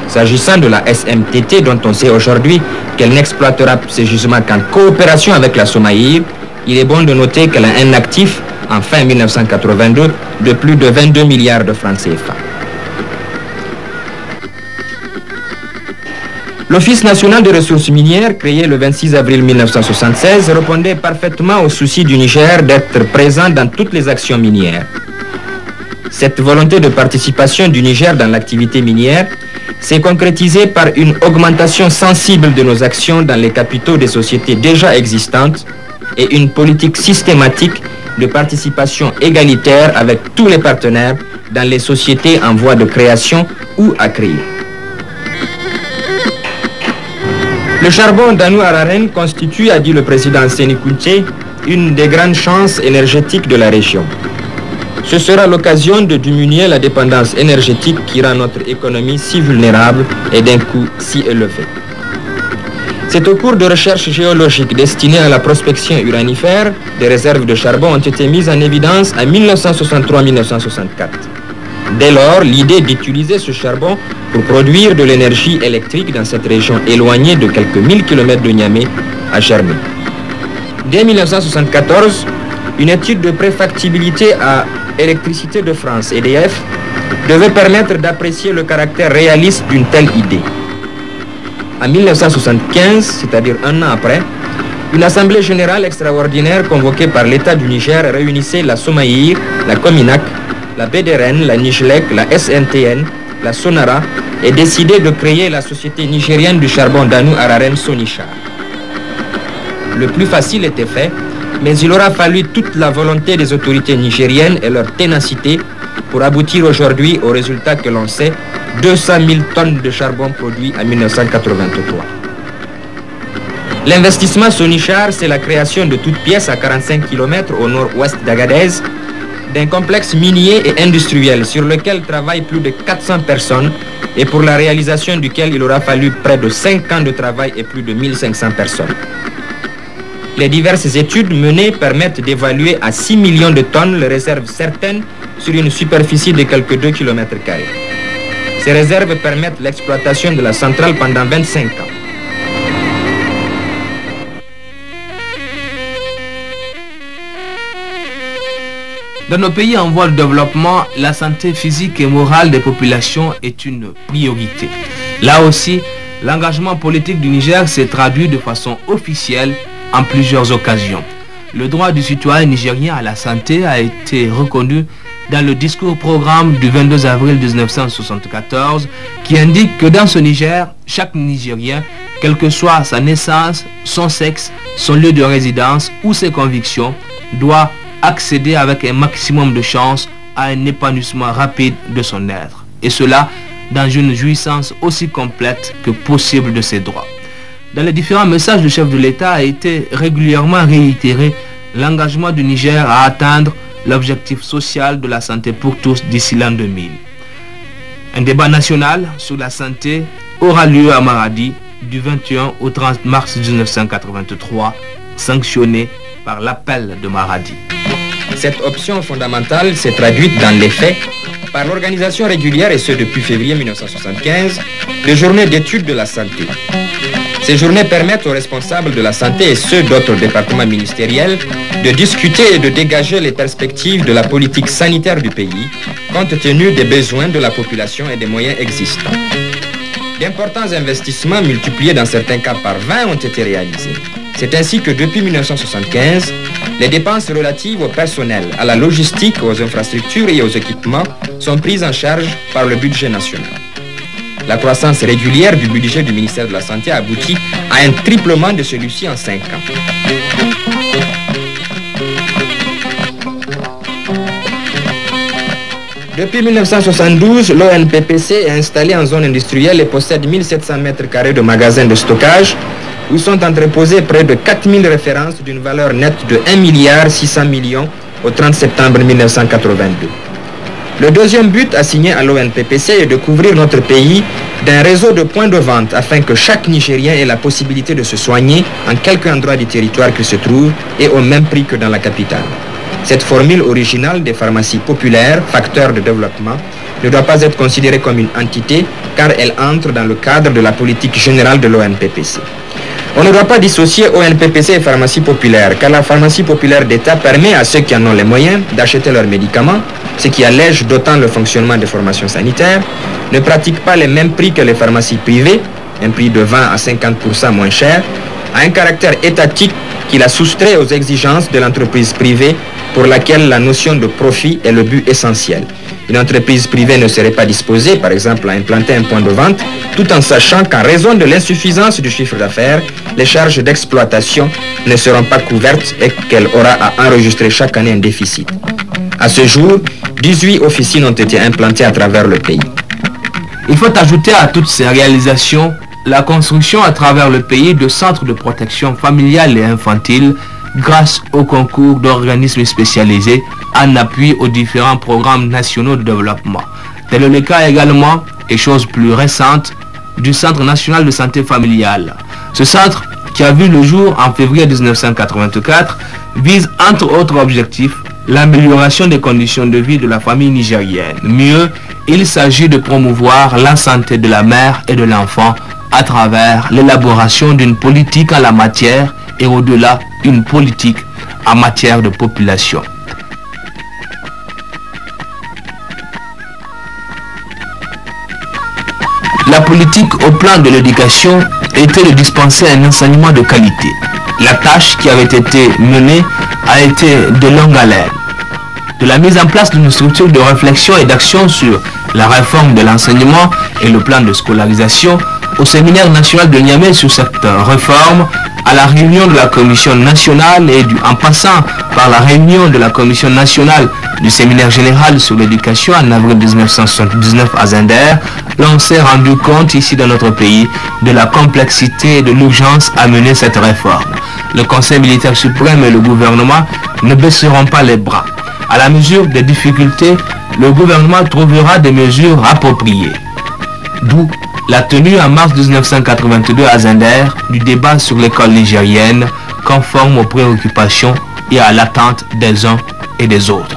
S'agissant de la SMTT dont on sait aujourd'hui qu'elle n'exploitera ses gisements qu'en coopération avec la Somalie, il est bon de noter qu'elle a un actif, en fin 1982, de plus de 22 milliards de francs CFA. L'Office national des ressources minières, créé le 26 avril 1976, répondait parfaitement au souci du Niger d'être présent dans toutes les actions minières. Cette volonté de participation du Niger dans l'activité minière s'est concrétisée par une augmentation sensible de nos actions dans les capitaux des sociétés déjà existantes et une politique systématique de participation égalitaire avec tous les partenaires dans les sociétés en voie de création ou à créer. Le charbon d'Anou constitue, a dit le président Sénikouché, une des grandes chances énergétiques de la région. Ce sera l'occasion de diminuer la dépendance énergétique qui rend notre économie si vulnérable et d'un coût si élevé. C'est au cours de recherches géologiques destinées à la prospection uranifère, des réserves de charbon ont été mises en évidence en 1963-1964. Dès lors, l'idée d'utiliser ce charbon pour produire de l'énergie électrique dans cette région éloignée de quelques 1000 kilomètres de Niamey a germé. Dès 1974, une étude de préfactibilité à Électricité de France, EDF, devait permettre d'apprécier le caractère réaliste d'une telle idée. En 1975, c'est-à-dire un an après, une assemblée générale extraordinaire convoquée par l'État du Niger réunissait la Somaïr, la Cominac, la BDRN, la Nijlek, la SNTN, la Sonara et décidait de créer la société nigérienne du charbon Danou Araren Sonisha. Le plus facile était fait, mais il aura fallu toute la volonté des autorités nigériennes et leur ténacité pour aboutir aujourd'hui au résultat que l'on sait, 200 000 tonnes de charbon produit en 1983. L'investissement Sonichar, c'est la création de toute pièce à 45 km au nord-ouest d'Agadez d'un complexe minier et industriel sur lequel travaillent plus de 400 personnes et pour la réalisation duquel il aura fallu près de 5 ans de travail et plus de 1500 personnes. Les diverses études menées permettent d'évaluer à 6 millions de tonnes les réserves certaines sur une superficie de quelques 2 km. Ces réserves permettent l'exploitation de la centrale pendant 25 ans. Dans nos pays en voie de développement, la santé physique et morale des populations est une priorité. Là aussi, l'engagement politique du Niger s'est traduit de façon officielle en plusieurs occasions. Le droit du citoyen nigérien à la santé a été reconnu dans le discours programme du 22 avril 1974 qui indique que dans ce Niger, chaque Nigérien, quelle que soit sa naissance, son sexe, son lieu de résidence ou ses convictions, doit accéder avec un maximum de chance à un épanouissement rapide de son être. Et cela dans une jouissance aussi complète que possible de ses droits. Dans les différents messages, du chef de l'État a été régulièrement réitéré l'engagement du Niger à atteindre l'objectif social de la santé pour tous d'ici l'an 2000. Un débat national sur la santé aura lieu à Maradi du 21 au 30 mars 1983, sanctionné par l'appel de Maradi. Cette option fondamentale s'est traduite dans les faits par l'organisation régulière, et ce depuis février 1975, des journées d'études de la santé. Ces journées permettent aux responsables de la santé et ceux d'autres départements ministériels de discuter et de dégager les perspectives de la politique sanitaire du pays, compte tenu des besoins de la population et des moyens existants. D'importants investissements multipliés dans certains cas par 20 ont été réalisés. C'est ainsi que depuis 1975, les dépenses relatives au personnel, à la logistique, aux infrastructures et aux équipements sont prises en charge par le budget national. La croissance régulière du budget du ministère de la Santé aboutit à un triplement de celui-ci en 5 ans. Depuis 1972, l'ONPPC est installé en zone industrielle et possède 1700 m2 de magasins de stockage où sont entreposés près de 4000 références d'une valeur nette de 1 milliard 600 millions au 30 septembre 1982. Le deuxième but assigné à l'ONPPC est de couvrir notre pays d'un réseau de points de vente afin que chaque Nigérien ait la possibilité de se soigner en quelque endroit du territoire qu'il se trouve et au même prix que dans la capitale. Cette formule originale des pharmacies populaires, facteur de développement, ne doit pas être considérée comme une entité car elle entre dans le cadre de la politique générale de l'ONPPC. On ne doit pas dissocier ONPPC et pharmacie populaire, car la pharmacie populaire d'État permet à ceux qui en ont les moyens d'acheter leurs médicaments, ce qui allège d'autant le fonctionnement des formations sanitaires, ne pratique pas les mêmes prix que les pharmacies privées, un prix de 20 à 50% moins cher, a un caractère étatique qui la soustrait aux exigences de l'entreprise privée pour laquelle la notion de profit est le but essentiel. Une entreprise privée ne serait pas disposée, par exemple, à implanter un point de vente, tout en sachant qu'en raison de l'insuffisance du chiffre d'affaires, les charges d'exploitation ne seront pas couvertes et qu'elle aura à enregistrer chaque année un déficit. À ce jour, 18 officines ont été implantées à travers le pays. Il faut ajouter à toutes ces réalisations la construction à travers le pays de centres de protection familiale et infantile grâce au concours d'organismes spécialisés en appui aux différents programmes nationaux de développement. Tel est le cas également, et chose plus récente, du Centre national de santé familiale. Ce centre, qui a vu le jour en février 1984, vise entre autres objectifs l'amélioration des conditions de vie de la famille nigérienne. Mieux, il s'agit de promouvoir la santé de la mère et de l'enfant à travers l'élaboration d'une politique en la matière et au-delà une politique en matière de population. La politique au plan de l'éducation était de dispenser un enseignement de qualité. La tâche qui avait été menée a été de longue haleine. De la mise en place d'une structure de réflexion et d'action sur la réforme de l'enseignement et le plan de scolarisation au séminaire national de Niamey sur cette réforme à la réunion de la Commission nationale et en passant par la réunion de la Commission nationale du séminaire général sur l'éducation en avril 1979 à Zender, l'on s'est rendu compte ici dans notre pays de la complexité et de l'urgence à mener cette réforme. Le Conseil militaire suprême et le gouvernement ne baisseront pas les bras. À la mesure des difficultés, le gouvernement trouvera des mesures appropriées. La tenue en mars 1982 à Zender du débat sur l'école nigérienne conforme aux préoccupations et à l'attente des uns et des autres.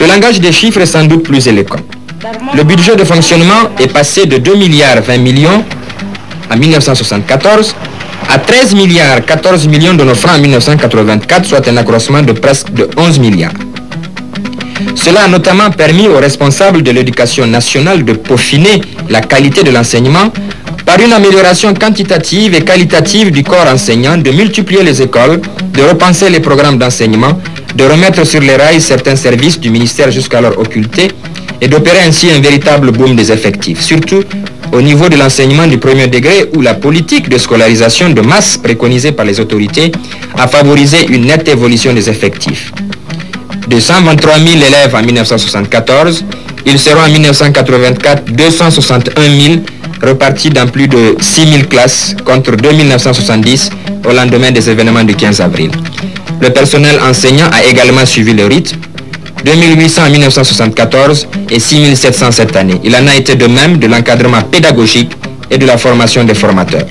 Le langage des chiffres est sans doute plus éloquent. Le budget de fonctionnement est passé de 2 milliards 20 millions en 1974 à 13 milliards 14 millions de nos francs en 1984, soit un accroissement de presque de 11 milliards. Cela a notamment permis aux responsables de l'éducation nationale de peaufiner la qualité de l'enseignement par une amélioration quantitative et qualitative du corps enseignant, de multiplier les écoles, de repenser les programmes d'enseignement, de remettre sur les rails certains services du ministère jusqu'alors occultés et d'opérer ainsi un véritable boom des effectifs, surtout au niveau de l'enseignement du premier degré où la politique de scolarisation de masse préconisée par les autorités a favorisé une nette évolution des effectifs de 123 000 élèves en 1974, ils seront en 1984 261 000 repartis dans plus de 6 000 classes contre 2 970 au lendemain des événements du 15 avril. Le personnel enseignant a également suivi le rythme, 2800 en 1974 et 6700 cette année. Il en a été de même de l'encadrement pédagogique et de la formation des formateurs.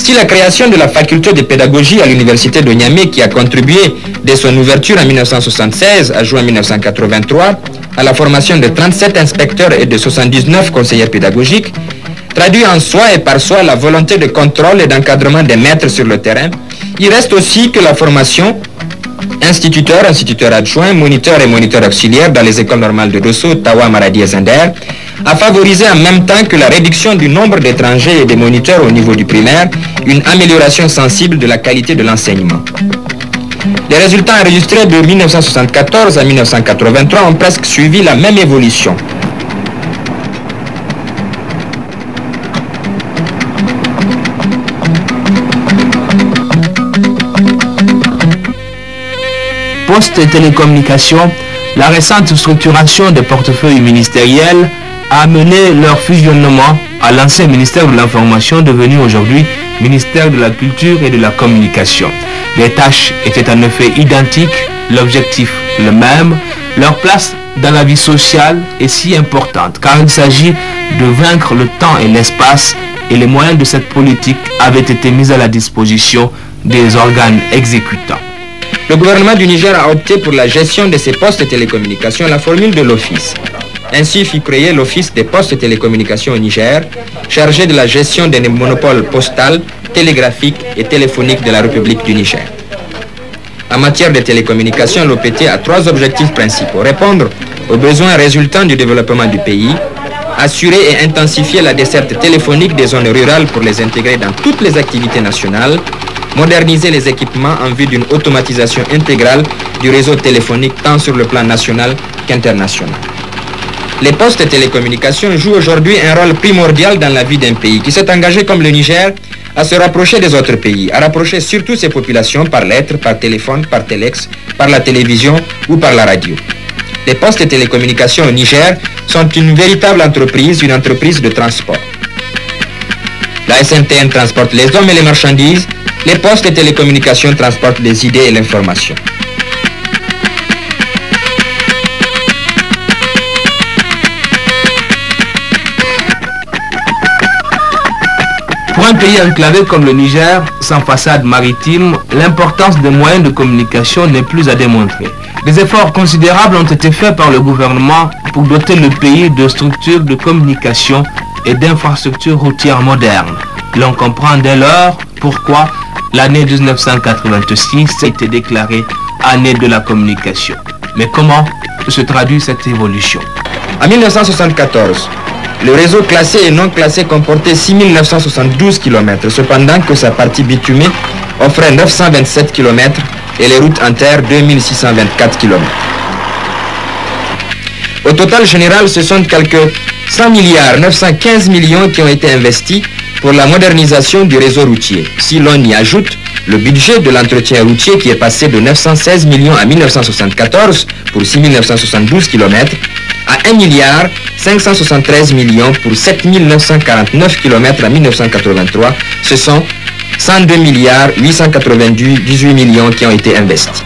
Si la création de la faculté de pédagogie à l'université de Niamey, qui a contribué dès son ouverture en 1976 à juin 1983 à la formation de 37 inspecteurs et de 79 conseillers pédagogiques, traduit en soi et par soi la volonté de contrôle et d'encadrement des maîtres sur le terrain, il reste aussi que la formation instituteur, instituteur adjoint, moniteur et moniteur auxiliaire dans les écoles normales de Dosso, Tawa, Maradi et Zender a favorisé en même temps que la réduction du nombre d'étrangers et des moniteurs au niveau du primaire, une amélioration sensible de la qualité de l'enseignement. Les résultats enregistrés de 1974 à 1983 ont presque suivi la même évolution. Poste et télécommunications, la récente structuration des portefeuilles ministériels a amené leur fusionnement à l'ancien ministère de l'Information devenu aujourd'hui ministère de la Culture et de la Communication. Les tâches étaient en effet identiques, l'objectif le même, leur place dans la vie sociale est si importante car il s'agit de vaincre le temps et l'espace et les moyens de cette politique avaient été mis à la disposition des organes exécutants. Le gouvernement du Niger a opté pour la gestion de ses postes de télécommunications, la formule de l'Office. Ainsi fut créé l'Office des postes et télécommunications au Niger, chargé de la gestion des monopoles postal, télégraphique et téléphoniques de la République du Niger. En matière de télécommunications, l'OPT a trois objectifs principaux. Répondre aux besoins résultants du développement du pays, assurer et intensifier la desserte téléphonique des zones rurales pour les intégrer dans toutes les activités nationales, moderniser les équipements en vue d'une automatisation intégrale du réseau téléphonique tant sur le plan national qu'international. Les postes et télécommunications jouent aujourd'hui un rôle primordial dans la vie d'un pays qui s'est engagé comme le Niger à se rapprocher des autres pays, à rapprocher surtout ses populations par lettre, par téléphone, par téléx, par la télévision ou par la radio. Les postes et télécommunications au Niger sont une véritable entreprise, une entreprise de transport. La SNTN transporte les hommes et les marchandises, les postes et télécommunications transportent les idées et l'information. Pour un pays enclavé comme le Niger, sans façade maritime, l'importance des moyens de communication n'est plus à démontrer. Des efforts considérables ont été faits par le gouvernement pour doter le pays de structures de communication et d'infrastructures routières modernes. L'on comprend dès lors pourquoi l'année 1986 a été déclarée année de la communication. Mais comment se traduit cette évolution En 1974, le réseau classé et non classé comportait 6972 km, cependant que sa partie bitumée offrait 927 km et les routes en terre 2624 km. Au total général, ce sont quelques 100 milliards 915 millions qui ont été investis pour la modernisation du réseau routier. Si l'on y ajoute le budget de l'entretien routier qui est passé de 916 millions à 1974 pour 6972 km à 1 milliard 573 millions pour 7 949 km en 1983, ce sont 102 milliards 898 millions qui ont été investis.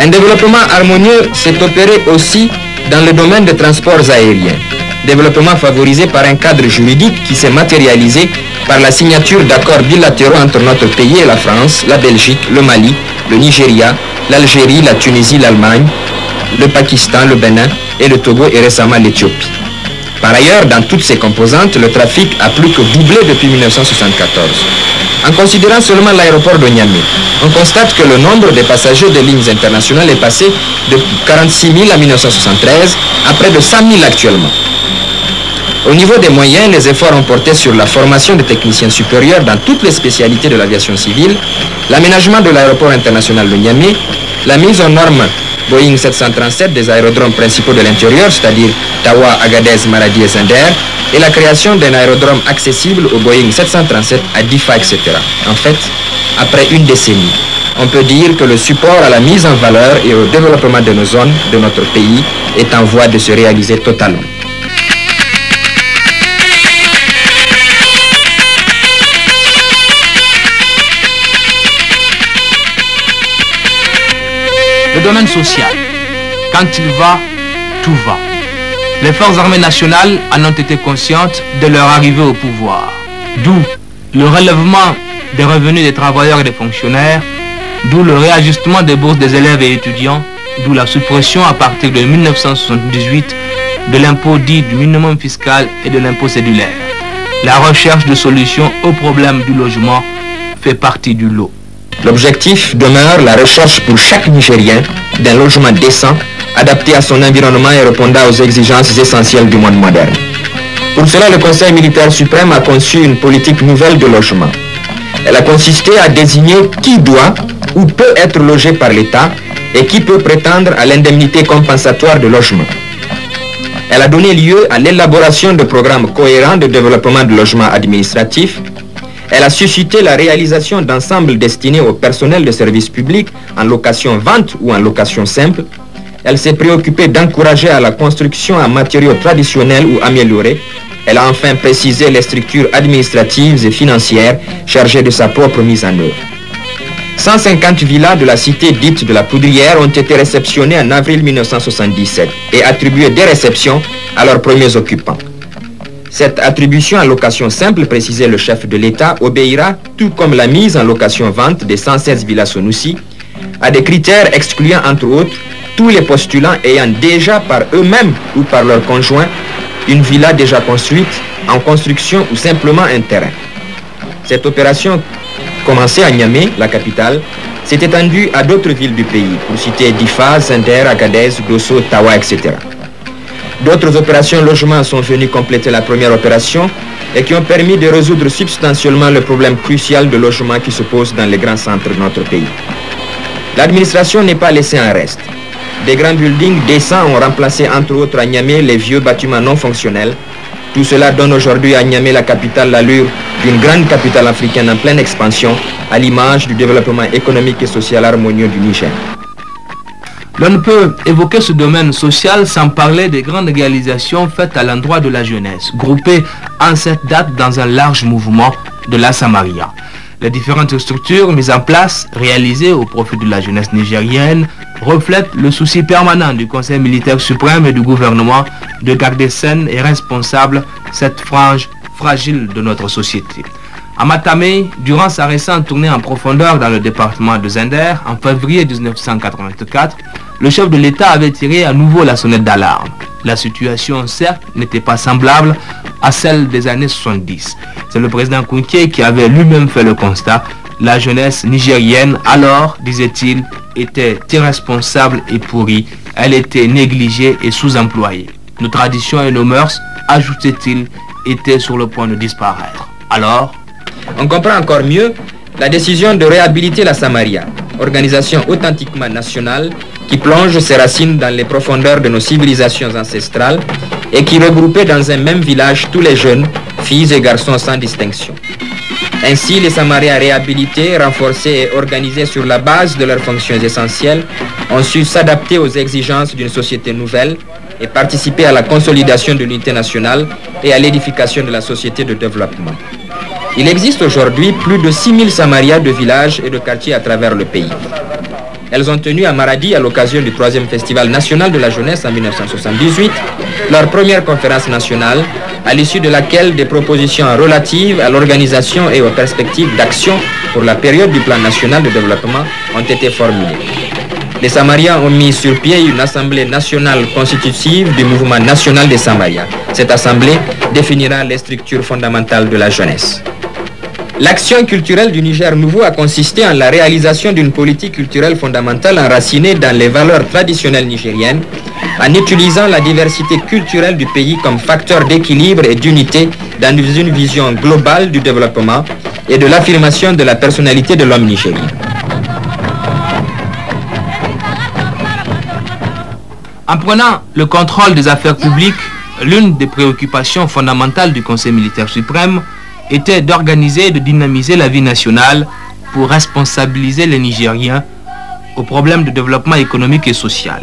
Un développement harmonieux s'est opéré aussi dans le domaine des transports aériens développement favorisé par un cadre juridique qui s'est matérialisé par la signature d'accords bilatéraux entre notre pays et la France, la Belgique, le Mali, le Nigeria, l'Algérie, la Tunisie, l'Allemagne, le Pakistan, le Bénin et le Togo et récemment l'Éthiopie. Par ailleurs, dans toutes ces composantes, le trafic a plus que doublé depuis 1974. En considérant seulement l'aéroport de Niamey, on constate que le nombre de passagers des lignes internationales est passé de 46 000 en 1973 à près de 100 000 actuellement. Au niveau des moyens, les efforts ont porté sur la formation des techniciens supérieurs dans toutes les spécialités de l'aviation civile, l'aménagement de l'aéroport international de Niamey, la mise en norme Boeing 737 des aérodromes principaux de l'intérieur, c'est-à-dire Tawa, Agadez, Maradi et Zender, et la création d'un aérodrome accessible au Boeing 737 à Difa, etc. En fait, après une décennie, on peut dire que le support à la mise en valeur et au développement de nos zones, de notre pays, est en voie de se réaliser totalement. social, quand il va, tout va. Les forces armées nationales en ont été conscientes de leur arrivée au pouvoir. D'où le relèvement des revenus des travailleurs et des fonctionnaires, d'où le réajustement des bourses des élèves et étudiants, d'où la suppression à partir de 1978 de l'impôt dit du minimum fiscal et de l'impôt cellulaire. La recherche de solutions aux problèmes du logement fait partie du lot. L'objectif demeure la recherche pour chaque Nigérien d'un logement décent, adapté à son environnement et répondant aux exigences essentielles du monde moderne. Pour cela, le Conseil militaire suprême a conçu une politique nouvelle de logement. Elle a consisté à désigner qui doit ou peut être logé par l'État et qui peut prétendre à l'indemnité compensatoire de logement. Elle a donné lieu à l'élaboration de programmes cohérents de développement de logements administratifs elle a suscité la réalisation d'ensembles destinés au personnel de service public en location vente ou en location simple. Elle s'est préoccupée d'encourager à la construction en matériaux traditionnels ou améliorés. Elle a enfin précisé les structures administratives et financières chargées de sa propre mise en œuvre. 150 villas de la cité dite de la Poudrière ont été réceptionnées en avril 1977 et attribuées des réceptions à leurs premiers occupants. Cette attribution à location simple, précisait le chef de l'État, obéira, tout comme la mise en location-vente des 116 villas Sonoussi, à des critères excluant entre autres tous les postulants ayant déjà par eux-mêmes ou par leurs conjoints une villa déjà construite, en construction ou simplement un terrain. Cette opération, commencée à Niamey, la capitale, s'est étendue à d'autres villes du pays, pour citer Difa, Sender, Agadez, Grosso, Tawa, etc. D'autres opérations logement sont venues compléter la première opération et qui ont permis de résoudre substantiellement le problème crucial de logement qui se pose dans les grands centres de notre pays. L'administration n'est pas laissée en reste. Des grands buildings décents ont remplacé entre autres à Niamey les vieux bâtiments non fonctionnels. Tout cela donne aujourd'hui à Niamey la capitale l'allure d'une grande capitale africaine en pleine expansion, à l'image du développement économique et social harmonieux du Niger. L'on ne peut évoquer ce domaine social sans parler des grandes réalisations faites à l'endroit de la jeunesse, groupées en cette date dans un large mouvement de la Samaria. Les différentes structures mises en place, réalisées au profit de la jeunesse nigérienne, reflètent le souci permanent du Conseil militaire suprême et du gouvernement de garder saine et responsable cette frange fragile de notre société. Amatame, durant sa récente tournée en profondeur dans le département de Zender en février 1984, le chef de l'État avait tiré à nouveau la sonnette d'alarme. La situation, certes, n'était pas semblable à celle des années 70. C'est le président Kunke qui avait lui-même fait le constat. La jeunesse nigérienne, alors, disait-il, était irresponsable et pourrie. Elle était négligée et sous-employée. Nos traditions et nos mœurs, ajoutait-il, étaient sur le point de disparaître. Alors, on comprend encore mieux la décision de réhabiliter la Samaria, organisation authentiquement nationale qui plonge ses racines dans les profondeurs de nos civilisations ancestrales et qui regroupait dans un même village tous les jeunes, filles et garçons sans distinction. Ainsi, les Samaria réhabilités, renforcés et organisés sur la base de leurs fonctions essentielles ont su s'adapter aux exigences d'une société nouvelle et participer à la consolidation de l'unité nationale et à l'édification de la société de développement. Il existe aujourd'hui plus de 6000 samarias de villages et de quartiers à travers le pays. Elles ont tenu à Maradi, à l'occasion du troisième Festival national de la jeunesse en 1978, leur première conférence nationale, à l'issue de laquelle des propositions relatives à l'organisation et aux perspectives d'action pour la période du plan national de développement ont été formulées. Les Samarias ont mis sur pied une assemblée nationale constitutive du mouvement national des Samarias. Cette assemblée définira les structures fondamentales de la jeunesse. L'action culturelle du Niger nouveau a consisté en la réalisation d'une politique culturelle fondamentale enracinée dans les valeurs traditionnelles nigériennes, en utilisant la diversité culturelle du pays comme facteur d'équilibre et d'unité dans une vision globale du développement et de l'affirmation de la personnalité de l'homme nigérien. En prenant le contrôle des affaires publiques, l'une des préoccupations fondamentales du Conseil militaire suprême était d'organiser et de dynamiser la vie nationale pour responsabiliser les Nigériens aux problèmes de développement économique et social.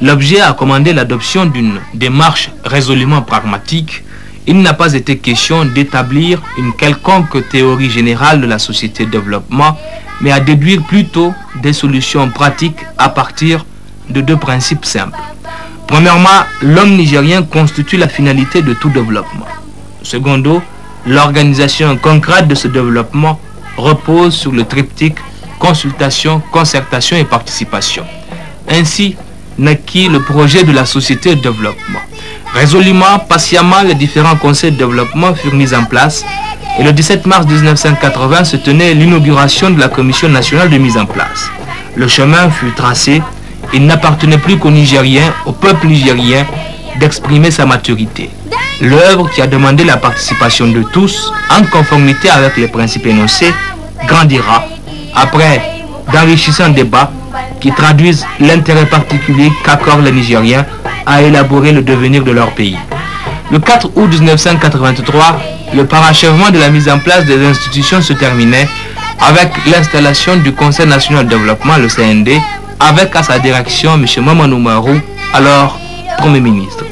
L'objet a commandé l'adoption d'une démarche résolument pragmatique. Il n'a pas été question d'établir une quelconque théorie générale de la société de développement, mais à déduire plutôt des solutions pratiques à partir de deux principes simples. Premièrement, l'homme nigérien constitue la finalité de tout développement. Secondo, L'organisation concrète de ce développement repose sur le triptyque consultation, concertation et participation. Ainsi naquit le projet de la société de développement. Résolument, patiemment, les différents conseils de développement furent mis en place et le 17 mars 1980 se tenait l'inauguration de la commission nationale de mise en place. Le chemin fut tracé, il n'appartenait plus qu'au Nigériens, au peuple nigérien, d'exprimer sa maturité l'œuvre qui a demandé la participation de tous en conformité avec les principes énoncés grandira après d'enrichissants débats qui traduisent l'intérêt particulier qu'accordent les Nigériens à élaborer le devenir de leur pays. Le 4 août 1983, le parachèvement de la mise en place des institutions se terminait avec l'installation du Conseil national de développement, le CND, avec à sa direction M. Mamanou Marou, alors Premier ministre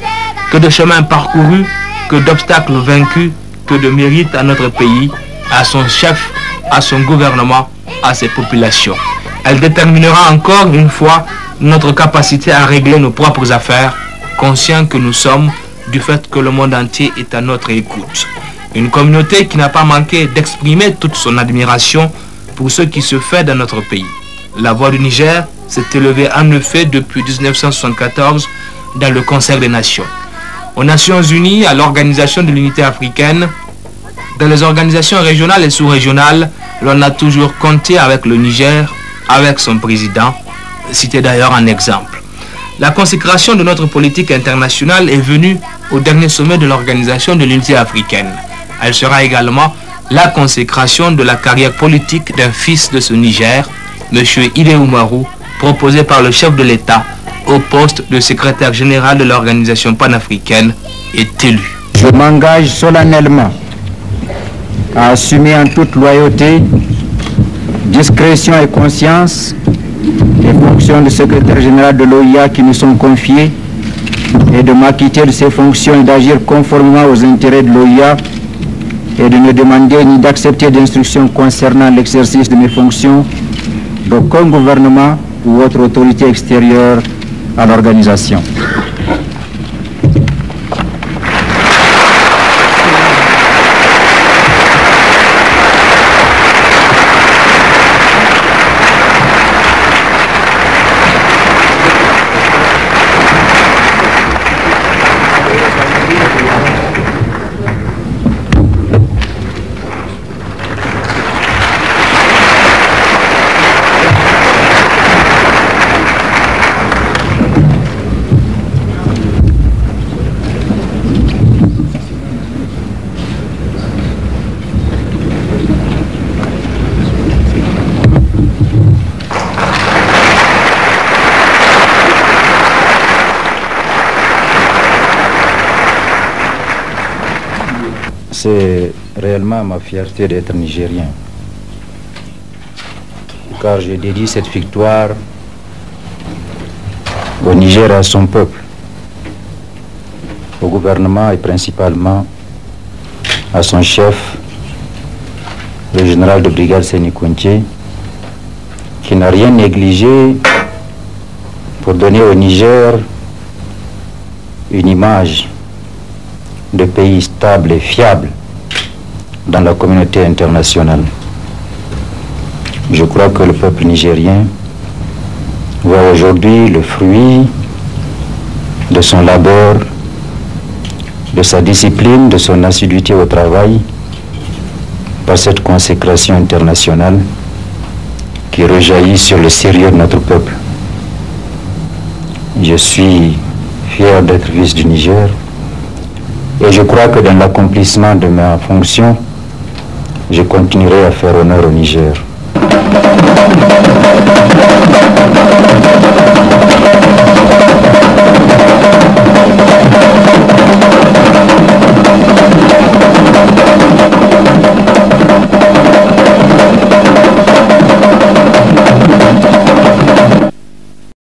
que de chemins parcourus, que d'obstacles vaincus, que de mérite à notre pays, à son chef, à son gouvernement, à ses populations. Elle déterminera encore une fois notre capacité à régler nos propres affaires, conscients que nous sommes du fait que le monde entier est à notre écoute. Une communauté qui n'a pas manqué d'exprimer toute son admiration pour ce qui se fait dans notre pays. La voix du Niger s'est élevée en effet depuis 1974 dans le Conseil des Nations aux Nations Unies, à l'Organisation de l'Unité africaine. Dans les organisations régionales et sous-régionales, l'on a toujours compté avec le Niger, avec son président, cité d'ailleurs un exemple. La consécration de notre politique internationale est venue au dernier sommet de l'Organisation de l'Unité africaine. Elle sera également la consécration de la carrière politique d'un fils de ce Niger, M. Ile Oumaru, proposé par le chef de l'État au poste de secrétaire général de l'organisation panafricaine est élu. Je m'engage solennellement à assumer en toute loyauté, discrétion et conscience les fonctions de secrétaire général de l'OIA qui me sont confiées et de m'acquitter de ces fonctions et d'agir conformément aux intérêts de l'OIA et de ne demander ni d'accepter d'instructions concernant l'exercice de mes fonctions d'aucun gouvernement ou autre autorité extérieure à l'organisation. réellement ma fierté d'être nigérien. Car je dédie cette victoire au Niger à son peuple, au gouvernement et principalement à son chef, le général de brigade Séni qui n'a rien négligé pour donner au Niger une image de pays stable et fiable dans la communauté internationale. Je crois que le peuple nigérien voit aujourd'hui le fruit de son labeur, de sa discipline, de son assiduité au travail par cette consécration internationale qui rejaillit sur le sérieux de notre peuple. Je suis fier d'être vice du Niger et je crois que dans l'accomplissement de ma fonction, je continuerai à faire honneur au Niger.